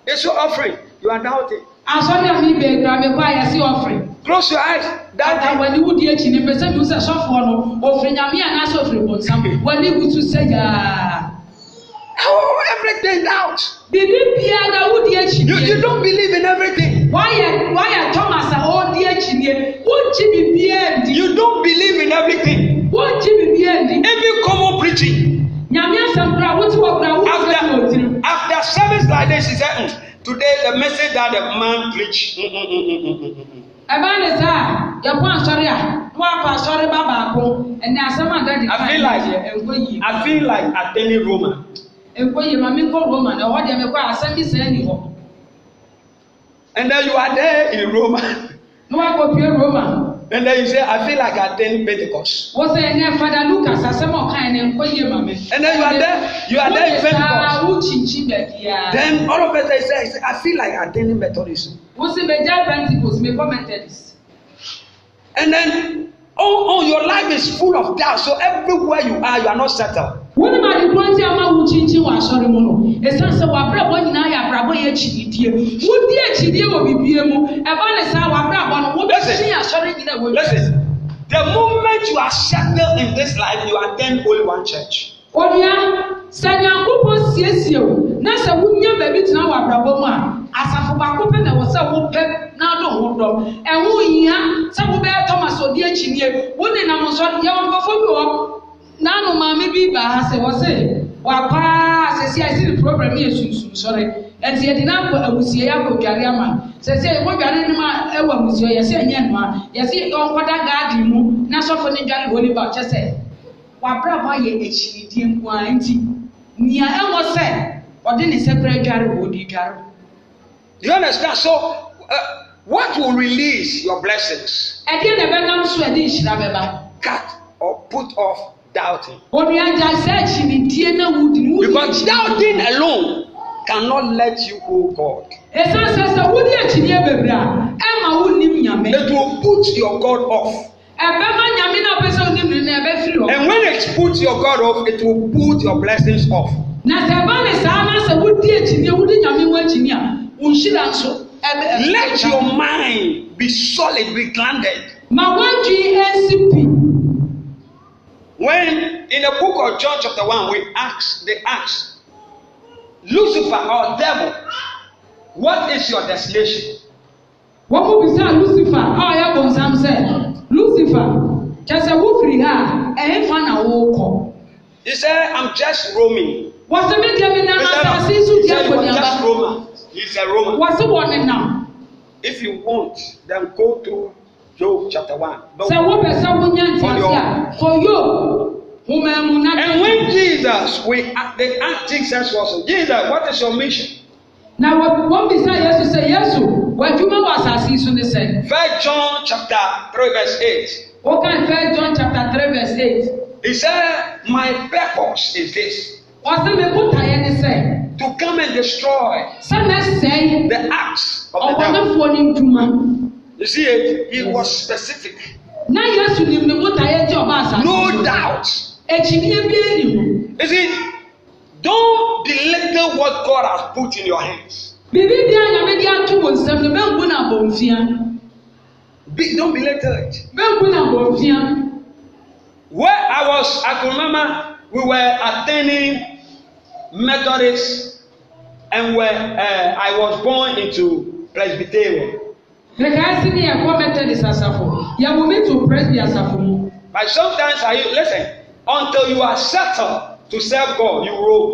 it's your offering. You are doubting asɔre mi bɛ kura mi kɔ a yɛsi ɔfiri. close your eyes that day. wani wudi ekyi ne pese mi sɛ sɔfo no ofiri nyame a n'asɔ ofiri bɔnsam wani wutu sɛ yaa. Oh, everything out. Bibi bia na wudi ekyi nie. You you don't believe in everything. Wayɛ wayɛ Thomas a ɔdi ekyi nie. Wogye bibi ɛndi. You don't believe in everything. Wogye bibi ɛndi. Even common preaching. Nyame asɛm kura wotu wɔ kura wotu wɔ kura. After after service like this, she said. Hmm, Today, the message that the man preach. preached. ɛbaa ne saa yɛkɔ asɔre a wakɔ asɔre ba baako ɛnna asɛm a dadi kan yɛ nkɔ yie. I feel like attending Roma. Nkɔ yie maame nkɔ Roma na ɔwɔ deɛ mekɔ asɛm bi sɛn ni hɔ. And then you are there in Roma. na wakɔ pie Roma. And then you say, I feel like I attend Pentecost. And then you are there, you are there in Pentecost. Then all of a sudden you say, I feel like attending Methodism. And then, oh, oh, your life is full of doubt. So everywhere you are, you are not settled wone ma nipa nti ama wo kyinkyin wɔ asɔre mu no ɛsiane sɛ wabrabɔ nyinaa yɛ abrabɔ yɛ akyidie wodi akyidie wɔ bibie mu ɛba ne saa wabrabɔ no wobɛkyin asɔre nyinaa wɔ bibie. The moment you are settled in this life, you attend only one church. Onua, sɛ nyankunpɔ siesie o, na sɛ wunya baabi tena wɔ abrabɔ mu a, asafo baako pɛ na wɔ sɛ wopɛ n'ado ho dɔ. Ɛho nyia sɛ wobɛyɛ Thomas odi akyinie, nanu maame bi baa sɛ wɔsɛ wapaa sɛsi a ɛsi program yɛ sunsun sɔre ɛti yɛde n'akɔ abusie akɔ dware ama sɛsi a ɛkɔ dware no mu a ɛwɔ abusie yɛsi ɛnyɛ nua yɛsi ɔnkɔda gaadi mu n'asɔfo ne dware wɔ ne ɔkyɛ sɛ w'abrabɔ ayɛ akyirideɛ nkoa nti nea ɛwɔ sɛ ɔde ne sɛpɛrɛ dware wɔ ɔde dware. you understand so uh, what will release your blessings. ɛdeɛ e na ɛbɛnam so ɛde nhyira bɛba. cut or put off doubting. Onuaja sẹ́ẹ̀sì ni díẹ̀ náà wù di wù Because doubting alone cannot let you go God. Ẹ̀sán sẹ́sẹ̀ wúni ẹ̀kyìnní ẹ̀ bẹ̀rẹ̀ à ẹ̀ máa wù ní nyàmé. It will put your God off. Ẹ̀bẹ̀ máa nyàmé náà pèsè òní mi ní ẹ̀bẹ̀ firi hàn. And when it puts your God off, it will put your blessings off. Na sẹ̀ bá ní sáá wú di ẹ̀kyìnní wú di nyàmé wú ẹ̀kyìnní à, wù nhyira nso. Let your mind be solid, be grounded. Ma wá ju ẹ̀ sí pin. When in the book of John chapter one, we ask, they ask, Lucifer or devil, what is your destination? Wọ́n kò bisa Lucifer a ọ̀yà bọ̀nsám sẹ́, Lucifer, kyẹ̀sẹ̀ wọ́n firi ha, ẹ̀yìn fa na wọ́n kọ. He said, I'm just roaming. Wọ́n sẹ́ mi diẹ mi nana asase isu diẹ kò ní aba. He said, I'm just roaming. He's a Roman. Wọ́n sẹ́ wọ́n nenam. If you want, then go through Job chapter one. for 1. And when Jesus, we uh, the asked Jesus also, Jesus, what is your mission? Now what one bisa yesu sẹ yesu wàdúmọ wà sàásì sùn ní say? first john chapter three verse eight. ó kàn first john chapter three verse eight. he said my purpose is this. What mi kú tàyẹ̀ ní to come and destroy. sẹ́mi ẹ̀sẹ̀ yìí. the acts of the devil. You see, he was specific. Na Yesu nim ne bota yɛ gye ɔba asa. No doubt. Ekyinie bi eni mu. You see, don't belittle what God has put in your hands. Biribi bi a nyame de ato wɔn nsam no, bɛn gun abɔnfia. Be, don't belittle it. Bɛn gun abɔnfia. Where I was, I can we were attending Methodist and where uh, I was born into Presbyterian. Rekasi ni ẹ̀kọ́ Methodist asafo. You will meet to praise the asafo mu. But sometimes I listen until you are settled to serve God you roll.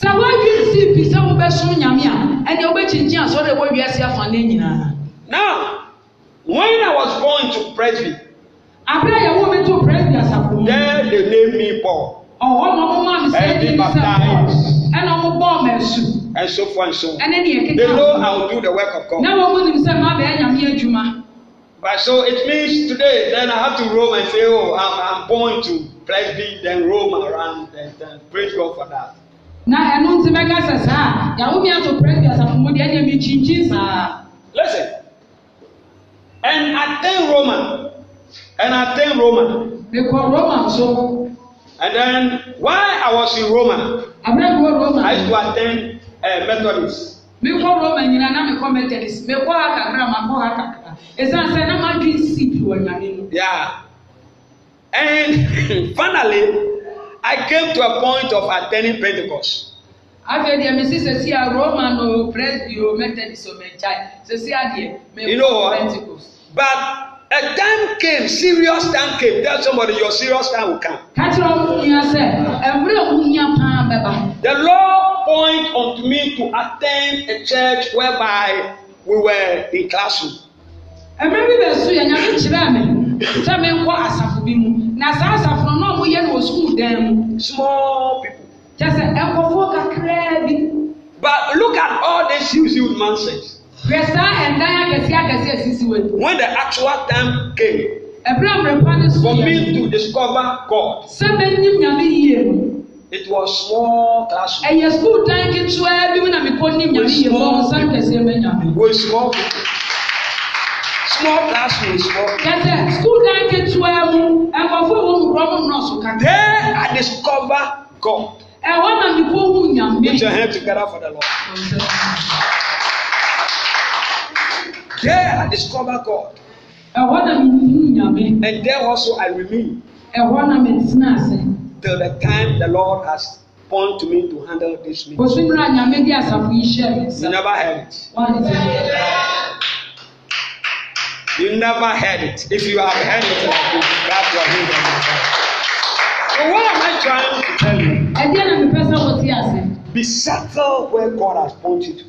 Sɛ wɔadwiri si fi sɛ wobɛsom nyame a ɛnea wobɛkyinkyin asɔre a wɔwiase afane nyinaa. Now, when I was born to Presby, abẹ́rẹ́ yẹn wọ́n mi tó Presby asafo mu. There they named me Paul. Ọ̀họ́ na ọmọ maa mi sẹ́yìn ní sẹ́yìn. And they baptized. Ẹna ọmọ bọ́ọ̀ mẹ́sùn and so forth and so on. They know I will do the work of God. But so it means today, then I have to roam and say, oh, I'm, I'm born to bless be, then roam around Then and praise God for that. na ɛnu nti bɛka sɛ saa yàwó mi ato pẹrẹsì asafomọ di ɛnyɛ mi kyinkyin saa. listen and attain roman and attain roman. mekɔ roman so. and then while i was in roman. abirabio roman. i used to attend ɛɛ eh, methodist. mi kɔ roma nyina na mi kɔ methodist mi kɔ ha kakra ma kɔ ha kakra esan sɛ na ma dwi si bi wɔ nyame mu. and finally i came to a point of attending pentecost. afei deɛ mesi sɛsi a roman o presby o methodist o mɛnkyae sɛsi adeɛ mɛ kɔ pentecost. you know what but. A time came, serious time came. Tell somebody your serious time will come. The Lord point unto me to attend a church whereby we were in classroom. Ẹ̀mí bí bẹ̀ sùn yẹn, nyàmú kyerẹ́ mi, sẹ́ mi kọ́ àsàfò bí mu, na sá àsàfò náà mo yẹ ní wọ sukùl dẹ́n mu. Small people. Kyẹ́ sẹ́, ẹ̀kọ́ fún But look at all the issues you man When the actual time came for me to discover God, it was small classroom. ẹ̀yẹ school dan ketewa bi mu na mi kọ́ ní ìyàmí yẹn mọ́ ọ̀sán kẹsì ẹ̀mẹ́ yàmí. we small people small classroom small. kẹsẹ̀ school dan ketewa mu ẹ̀kọ́fọ́ wo mu rọ́mù nọ́ọ̀sù kankan. there I discover God. ẹ̀wọ́n na mi kọ́ hu yàmí. put your hand together for the Lord there I discover God. Ẹ̀họ́ na mi nínú ìyàmẹ́. And there also I remain. Ẹ̀họ́ na mi tẹ́ná ase. Till the time the Lord has born to me to handle this ministry. Oṣù mìíràn ìyàmẹ́ di àsàfù iṣẹ́ mi. You never heard it. Wọ́n ti sẹ́yìn. You never heard it. If you have heard it, that's what you have So what am I trying to tell you? Ẹ̀dí ẹ̀nà mi fẹ́ sọ́kọ̀ tí a sẹ́. Be settled where God has pointed you.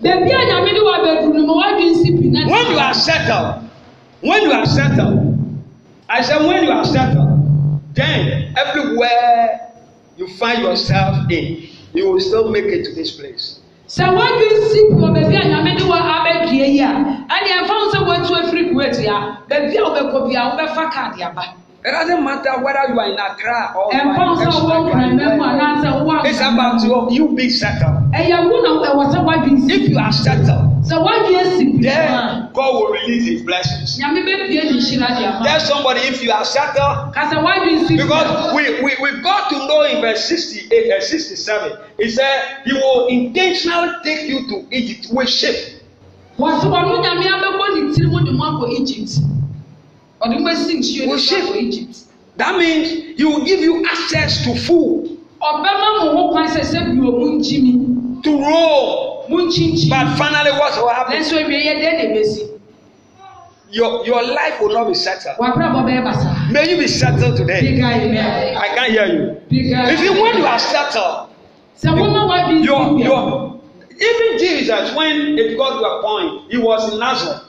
When you are settled, when you are settled, I say when you are settled, then everywhere you find yourself in, you will still make it to this place. sɛ wadwi si wɔ baabi a nyame de wɔ abɛdua yi a ɛne ɛmfa ho sɛ woatu afiri kuwait a baabi a wobɛkɔ bia wobɛfa kaade aba It doesn't matter whether you are in Accra or in It's about you, you be settled. If you are settled, so do you then God will release His blessings. Tell somebody if you are settled. Because we, we, we got to know in verse 68 and 67, He said, He will intentionally take you to Egypt with ship. Egypt. That means he will give you access to food. To roll. But finally, what will happen? Your, your life will not be settled. May you be settled today. I can't hear you. If you when you are settled, your, your, even Jesus, when it got to a point, he was in Nazareth.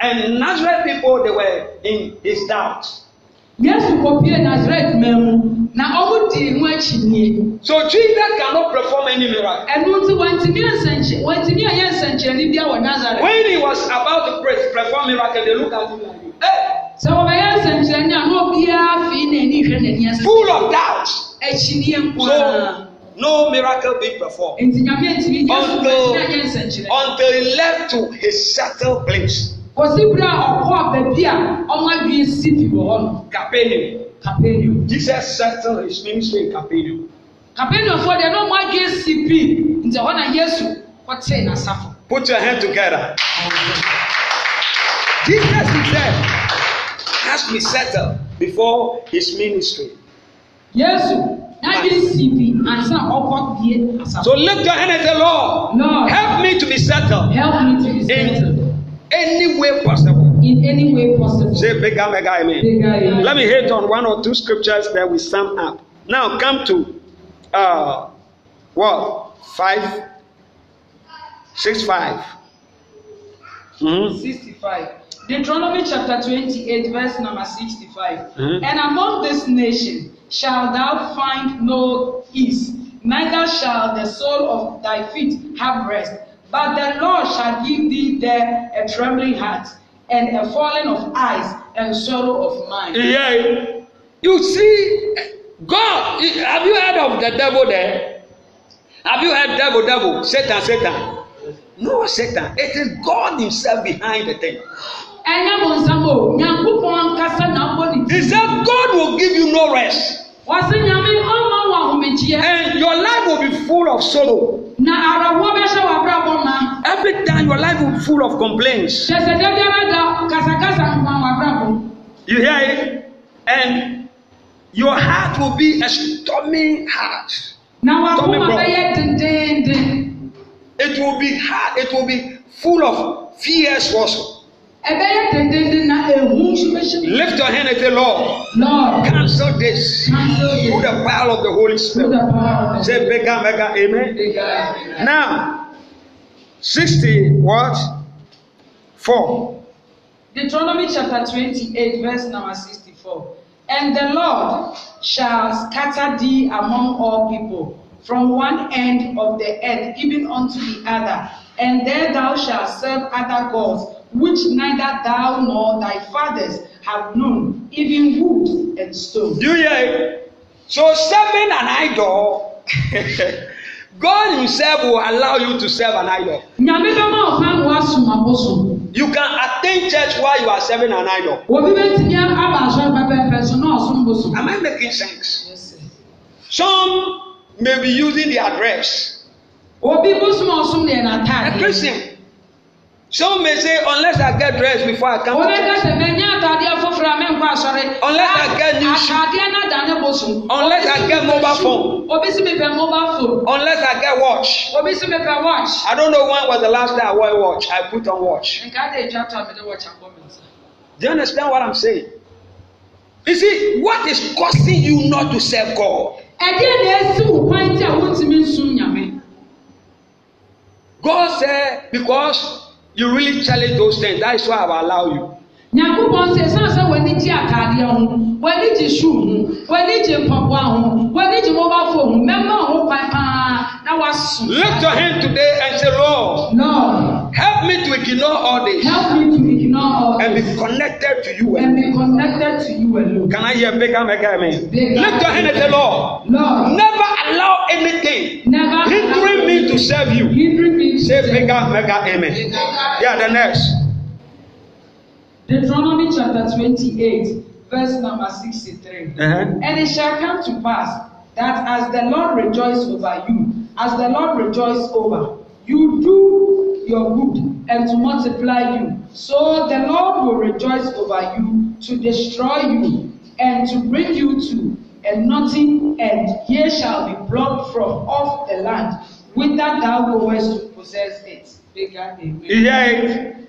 And Nazareth people, they were in his doubt. Yesu kò pie Nazareth mẹ́mu na ọmọ di inú ẹ̀kí ni. So Jesus cannot perform any miracle. Ẹnu ti wọ́n ti ní ẹ̀sẹ̀nkyẹ́ wọ́n ti ní ẹ̀yẹ ẹ̀sẹ̀nkyẹ́ ní bí àwọn Nazareth. When he was about to pray perform miracle they look at him like hey. Sọ wọ́n bẹ̀yẹ ẹ̀sẹ̀nkyẹ́ ní àná obiara fi ní ẹni ìhwẹ́ ní ẹni ẹ̀sẹ̀. Full of doubt. Ẹ̀kí ni ẹ̀ ń no miracle being performed until, until he left to his settled place kòsi bere a ɔkɔ abɛbi a ɔmo adwene si fi wɔ hɔ no. Capernaum. Capernaum. Jesus settled his ministry in Capernaum. Capernaum fɔ deɛ n'ɔmo adwene si fi nti hɔ na Yesu ɔte n'asafo. Put your hand together. Jesus himself has been settled before his ministry. Yesu. So lift your hand and say, Lord, Lord help me to be settled. Help me to be settled. In any way possible. In any way possible. Say bigger, mega, amen. Bigger, amen. Let me hit on one or two scriptures that we sum up. Now come to uh, what? Five? Six, five. Mm-hmm. 65. Deuteronomy chapter 28, verse number 65. Mm-hmm. And among this nation shall thou find no ease, neither shall the sole of thy feet have rest But the Lord shall give thee there a trembling heart and a falling of eyes and sorrow of mind. Yeah. You see, God, have you heard of the devil there? Have you heard devil, devil, Satan, Satan? No, Satan. It is God Himself behind the thing. Ẹ̀yẹ́ mo ń sábò, Nyankúpọ̀ Ankasa náà bọ̀ ní. He said God will give you no rest. Wọ́n sì yàn ọmọ wọn ò méjì And your life will be full of sorrow na awerɛhoɔ bɛhyɛ wɔ abrabɔ ma every time your life is full of complaints kyɛ sɛ da biara da kasakasa nkwa wɔ abrabɔ you hear it and your heart will be a stormy heart na wakoma bɛyɛ dendenden it will be hard it will be full of fears also Lift your hand and say, Lord, Lord cancel this through the power of the Holy Spirit. Through the the power of Holy Spirit. Say, mega, mega, amen. amen. Now, sixty what? Four. Deuteronomy chapter twenty-eight, verse number sixty-four. And the Lord shall scatter thee among all people, from one end of the earth even unto the other, and there thou shalt serve other gods which neither thou nor thy fathers have known, even wood and stone. Do you hear? So serving an idol, God Himself will allow you to serve an idol. Nyàmé bẹ́ẹ̀ máa fa àwọn asùnmọ̀bọ̀ You can attend church while you are serving an idol. Òbí bẹ́ẹ̀ ti yẹ àbá aṣọ Am I making sense? Yes, sir. Some may be using the address. Òbí bó sùn ọ̀sùn ni A Christian. Some me say, unless I get dress before I come. Unless I ah, get new shoes. Unless I get mobile phone. mobile phone. Unless I get watch. watch. I don't know when was the last time I wore watch. I put on watch. Do you understand what I'm saying? You see, what is causing you not to serve God? God said, because you really challenge those things that is why i will allow you. nyankopɔn sɛ san sɛ w'ani gye ataadeɛ ho w'ani gye shoe ho w'ani gye mpaboa ho w'ani gye mobile phone ho mɛma ho kwan paa na lift your hand today and say lord. lord. Help me to ignore all this. Help me to ignore all this. And be connected to you. And be connected to you alone. Can I hear bigger, bigger amen? Lift your hand and say, Lord, Lord, never allow anything never hindering me to serve you. Hindering me to say bigger, bigger amen. Yeah, the next. Deuteronomy chapter 28, verse number 63. Uh-huh. And it shall come to pass that as the Lord rejoices over you, as the Lord rejoices over you, do your good and to multiply you. So the Lord will rejoice over you to destroy you and to bring you to a nothing end. Ye shall be brought from off the land with that thou goest to possess it. You hear it?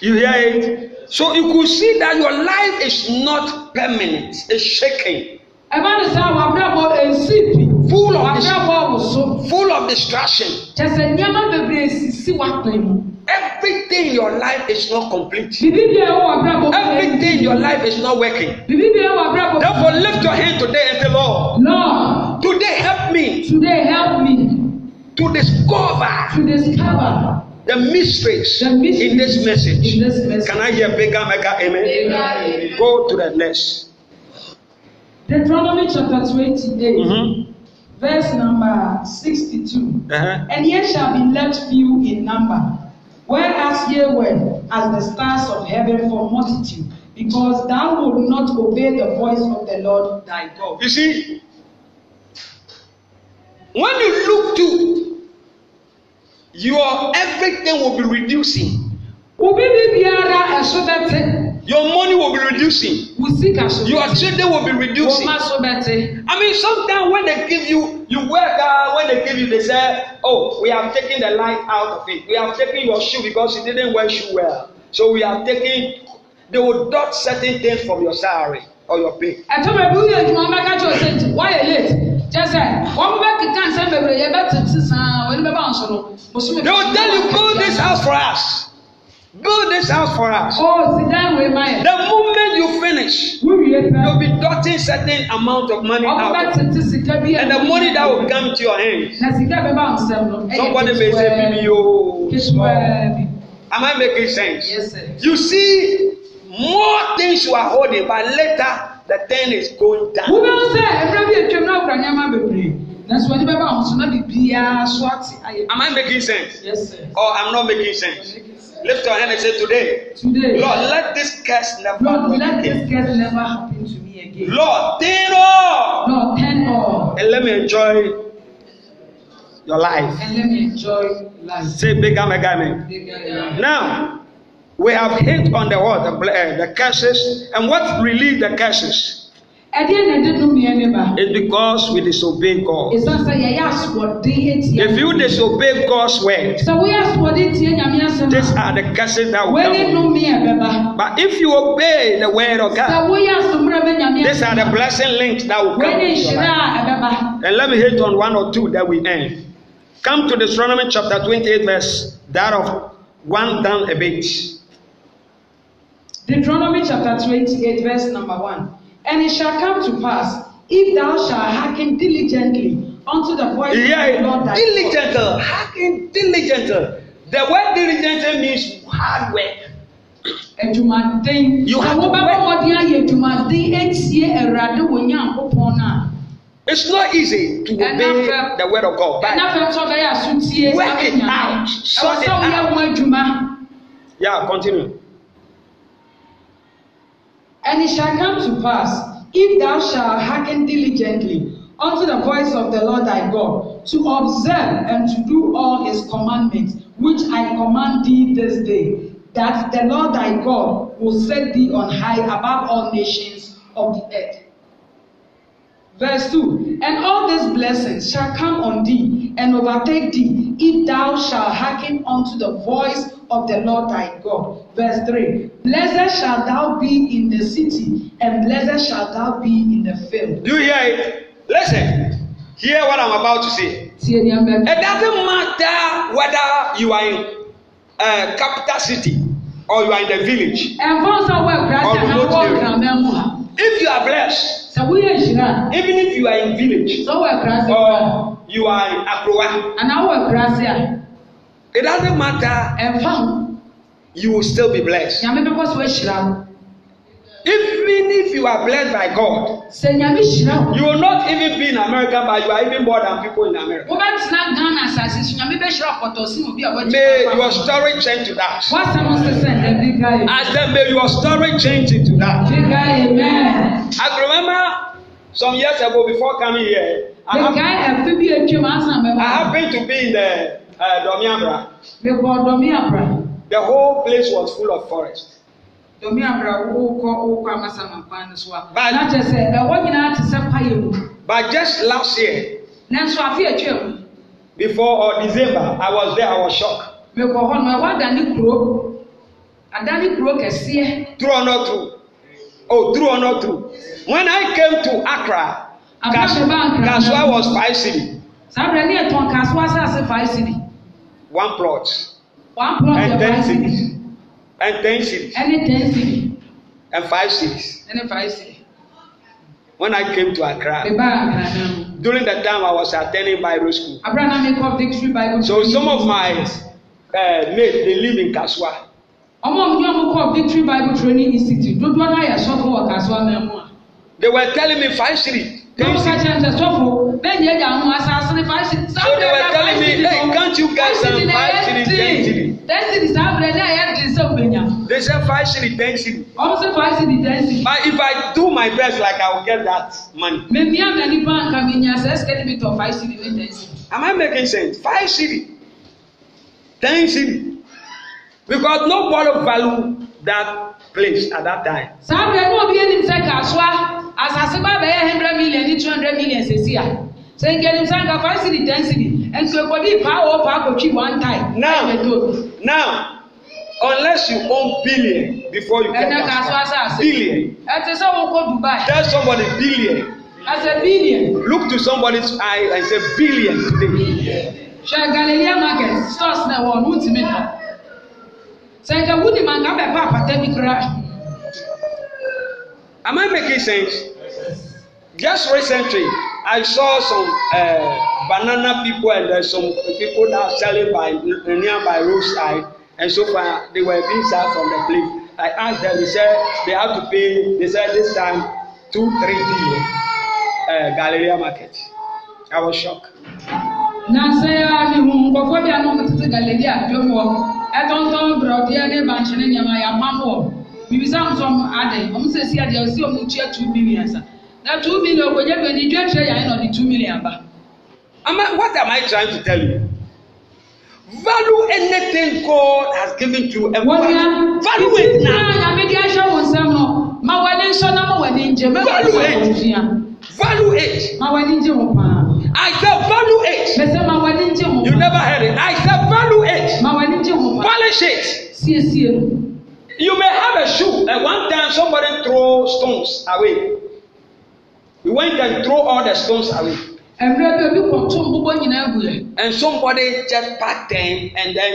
You hear it? So you could see that your life is not permanent, it's shaking. Ẹ bá ní sáà wà á bẹ̀rẹ̀ full of full of distraction. kyesɛ nneɛma bebree sisi w'akpɛn mu. Everything in your life is not complete. Everything in your life is not working. Therefore, lift your hand today and say, Lord, Lord today help me. Today help me to discover. To discover. The mysteries, the mysteries in, this message. in this message. Can I hear bigger, mega amen? amen? Go to the next. Deuteronomy chapter 28. Mm-hmm verse number sixty-two. Uh-huh. And ye shall be left few in number, whereas ye were as the stars of heaven for multitude, because thou would not obey the voice of the Lord thy God. You see, when you look to your everything will be reducing. Obi bi biara ẹ̀sùn bẹ́ẹ̀ tẹ́. Your money will be reducing. Your children will be reducing. I mean, sometimes when they give you, you work, uh, when they give you, they say, Oh, we have taken the light out of it. We have taken your shoe because you didn't wear shoe well. So we have taken, they will dot certain things from your salary or your pay. jẹsẹ wọn bẹ kíkà nsẹ bẹbẹrẹ yẹ bẹ tètè sàn wọn bẹ bá wọn sọrọ. they will tell you build this house for us. Build this house for us. Oh, sit down with my. The moment you finish, you'll be dotting certain amount of money out. And the money that will come to your hands. Somebody may say, Bibi, yo. Am I making sense? Yes, sir. You see, more things you are holding, but later the thing is going down. That's why the Bible also not be Am I making sense? Yes, sir. Or I'm not making sense? Lift your hand and say, Today, Today Lord, let this curse never Lord, let this curse never happen to me again. Lord, turn off. Lord, turn off. And let me enjoy your life. And let me enjoy life. Say, Big Amagame. Yeah. Now, we have hit on the word, The, uh, the curses. And what relieved the curses? it's because we disobey God. if you disobey God's word. these are the curses that will come. but if you obey the word of God. these are the blessing links that will come. and let me hit on one or two that we end. Come to Deuteronomy chapter 28, verse that of one down a bit. Deuteronomy chapter 28, verse number 1. And it shall come to pass, if thou shalt hearken diligently unto the voice yeah, of the Lord thy diligent, God. Hearken diligently. The word diligent means hard work. Adwumaden. You have to work. Àwọn ọmọdé ayé adwumaden etie ẹ̀rọ̀adé wò ní àkópọ̀ náà. It's not easy to obey the word of God. But work it out. Sort it out. Yeah, continue. And it shall come to pass, if thou shalt hearken diligently unto the voice of the Lord thy God, to observe and to do all his commandments, which I command thee this day, that the Lord thy God will set thee on high above all nations of the earth. Verse 2 And all these blessings shall come on thee and overtake thee, if thou shalt hearken unto the voice of the Lord thy God. Verse 3 Blessed shalt thou be in the city, and blessed shalt thou be in the field. Do you hear it? Listen, hear what I'm about to say. It doesn't matter whether you are in a uh, capital city or you are in the village. if you are blessed, even if you are in village or you are in Akrowa. It doesn't matter. You will still be blessed. Even if you are blessed by God, you will not even be in America, but you are even more than people in America. May your story change to that. I said, may your story change into that. Amen. I remember some years ago before coming here, I happened, I happened to be in the uh, Domiabra. Mekɔ Domiabra. The whole place was full of forest. Domiabra wokɔ wokɔ amasama kwan no so a. But na kyerɛ sɛ ɛwɔ eh, nyinaa te sɛ payɛ mu. But just last year. Nanso afi atwa e mu. Before or December, I was there, I was shocked. Mekɔ hɔ no ɛwɔ adane kuro adane kuro kɛseɛ. True or not true? Oh, true or not true? When I came to Accra, Kasu Kasua was five city. Sábẹ̀rẹ̀ ní ẹ̀tàn e Kasua sáà sí five city one plot. one plot and ten cities and ten cities. and ten cities. and five cities. and five cities. When I came to Accra, during the time I was attending Bible school. So some of my uh, mates they live in Kasua. ọmọ mi ní ọmọ kọ Victory Bible Training Institute dodoɔ náà yɛ sɔfo wɔ Kasua náà mu They were telling me five cities. Then they are sacrifice. So they were telling me, hey, can't you guys have five shillings, ten shillings? Ten shillings, I had this They said five shillings, ten shillings. Also five shillings, ten shillings. But if I do my best, like I will get that money. Maybe I'm going to bank. just get a bit of five shillings, ten shillings. Am I making sense? Five shillings, ten shillings, because nobody value that place at that time. Sáà bẹ̀rẹ̀ ní òbí ẹni tẹ́ kà sọ́á, àṣàṣe bá bẹ̀yẹ̀ hundred million ní two hundred million ṣe sí à sɛ nkɛnim sɛ nka five city ten city nso ekɔdi paa wɔ paa one time. now now unless you own billion before you can pass billion. ɛtɛ sɛ wo kɔ dubai. tell somebody billion. as a billion. look to somebody's eye and say billion today. hwɛ galilea market stores na wɔn ho ntumi kɔ sɛ nka wudi ma nka bɛpa apata bi kura. am i making sense? just recently. I saw some uh, banana people and there's some people that are selling by nearby roadside and so far they were being served from the plane. I asked them, they said they have to pay, they said this time two three billion uh, Galleria market. I was shocked. Nansa ya ahihu nkurɔfoɔ bi a na galeri e a dwom wɔ ɛtɔntɔn borɔdeɛ ne bankyene nneɛma yɛ ama bibisa nso adi wɔn sɛ si adi a wɔsi wɔn na two million kò jẹ́ pé ní ìjọ ìṣe yàrá náà ní two million bá. Am what am I trying to tell you? Value anything God has given to a woman. Value it now. Value it. Value it. I said value it. You never heard it. I said value it. Polish it. E, e. You may have a shoe, and one time somebody throw stones away. We went and threw all the stones away. Ẹ̀mìrẹ́ bẹ́ẹ̀ bí kọ̀tún gbogbo nyinaa egu yẹ. And somebody just pack them and then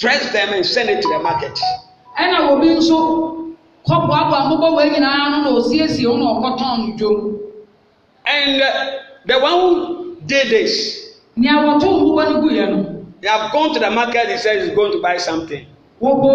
dress them and send it to the market. Ẹna obi nso kọ́pù abọ́ àbúgbò wẹ̀ nyinaa nínú òsiesie ọ̀nà ọ̀kọ́tàn And uh, the one who did this. Ní àwọn tó ń gbogbo ní gu yẹn no. They have gone to the market he says he is going to buy something. Wọ́n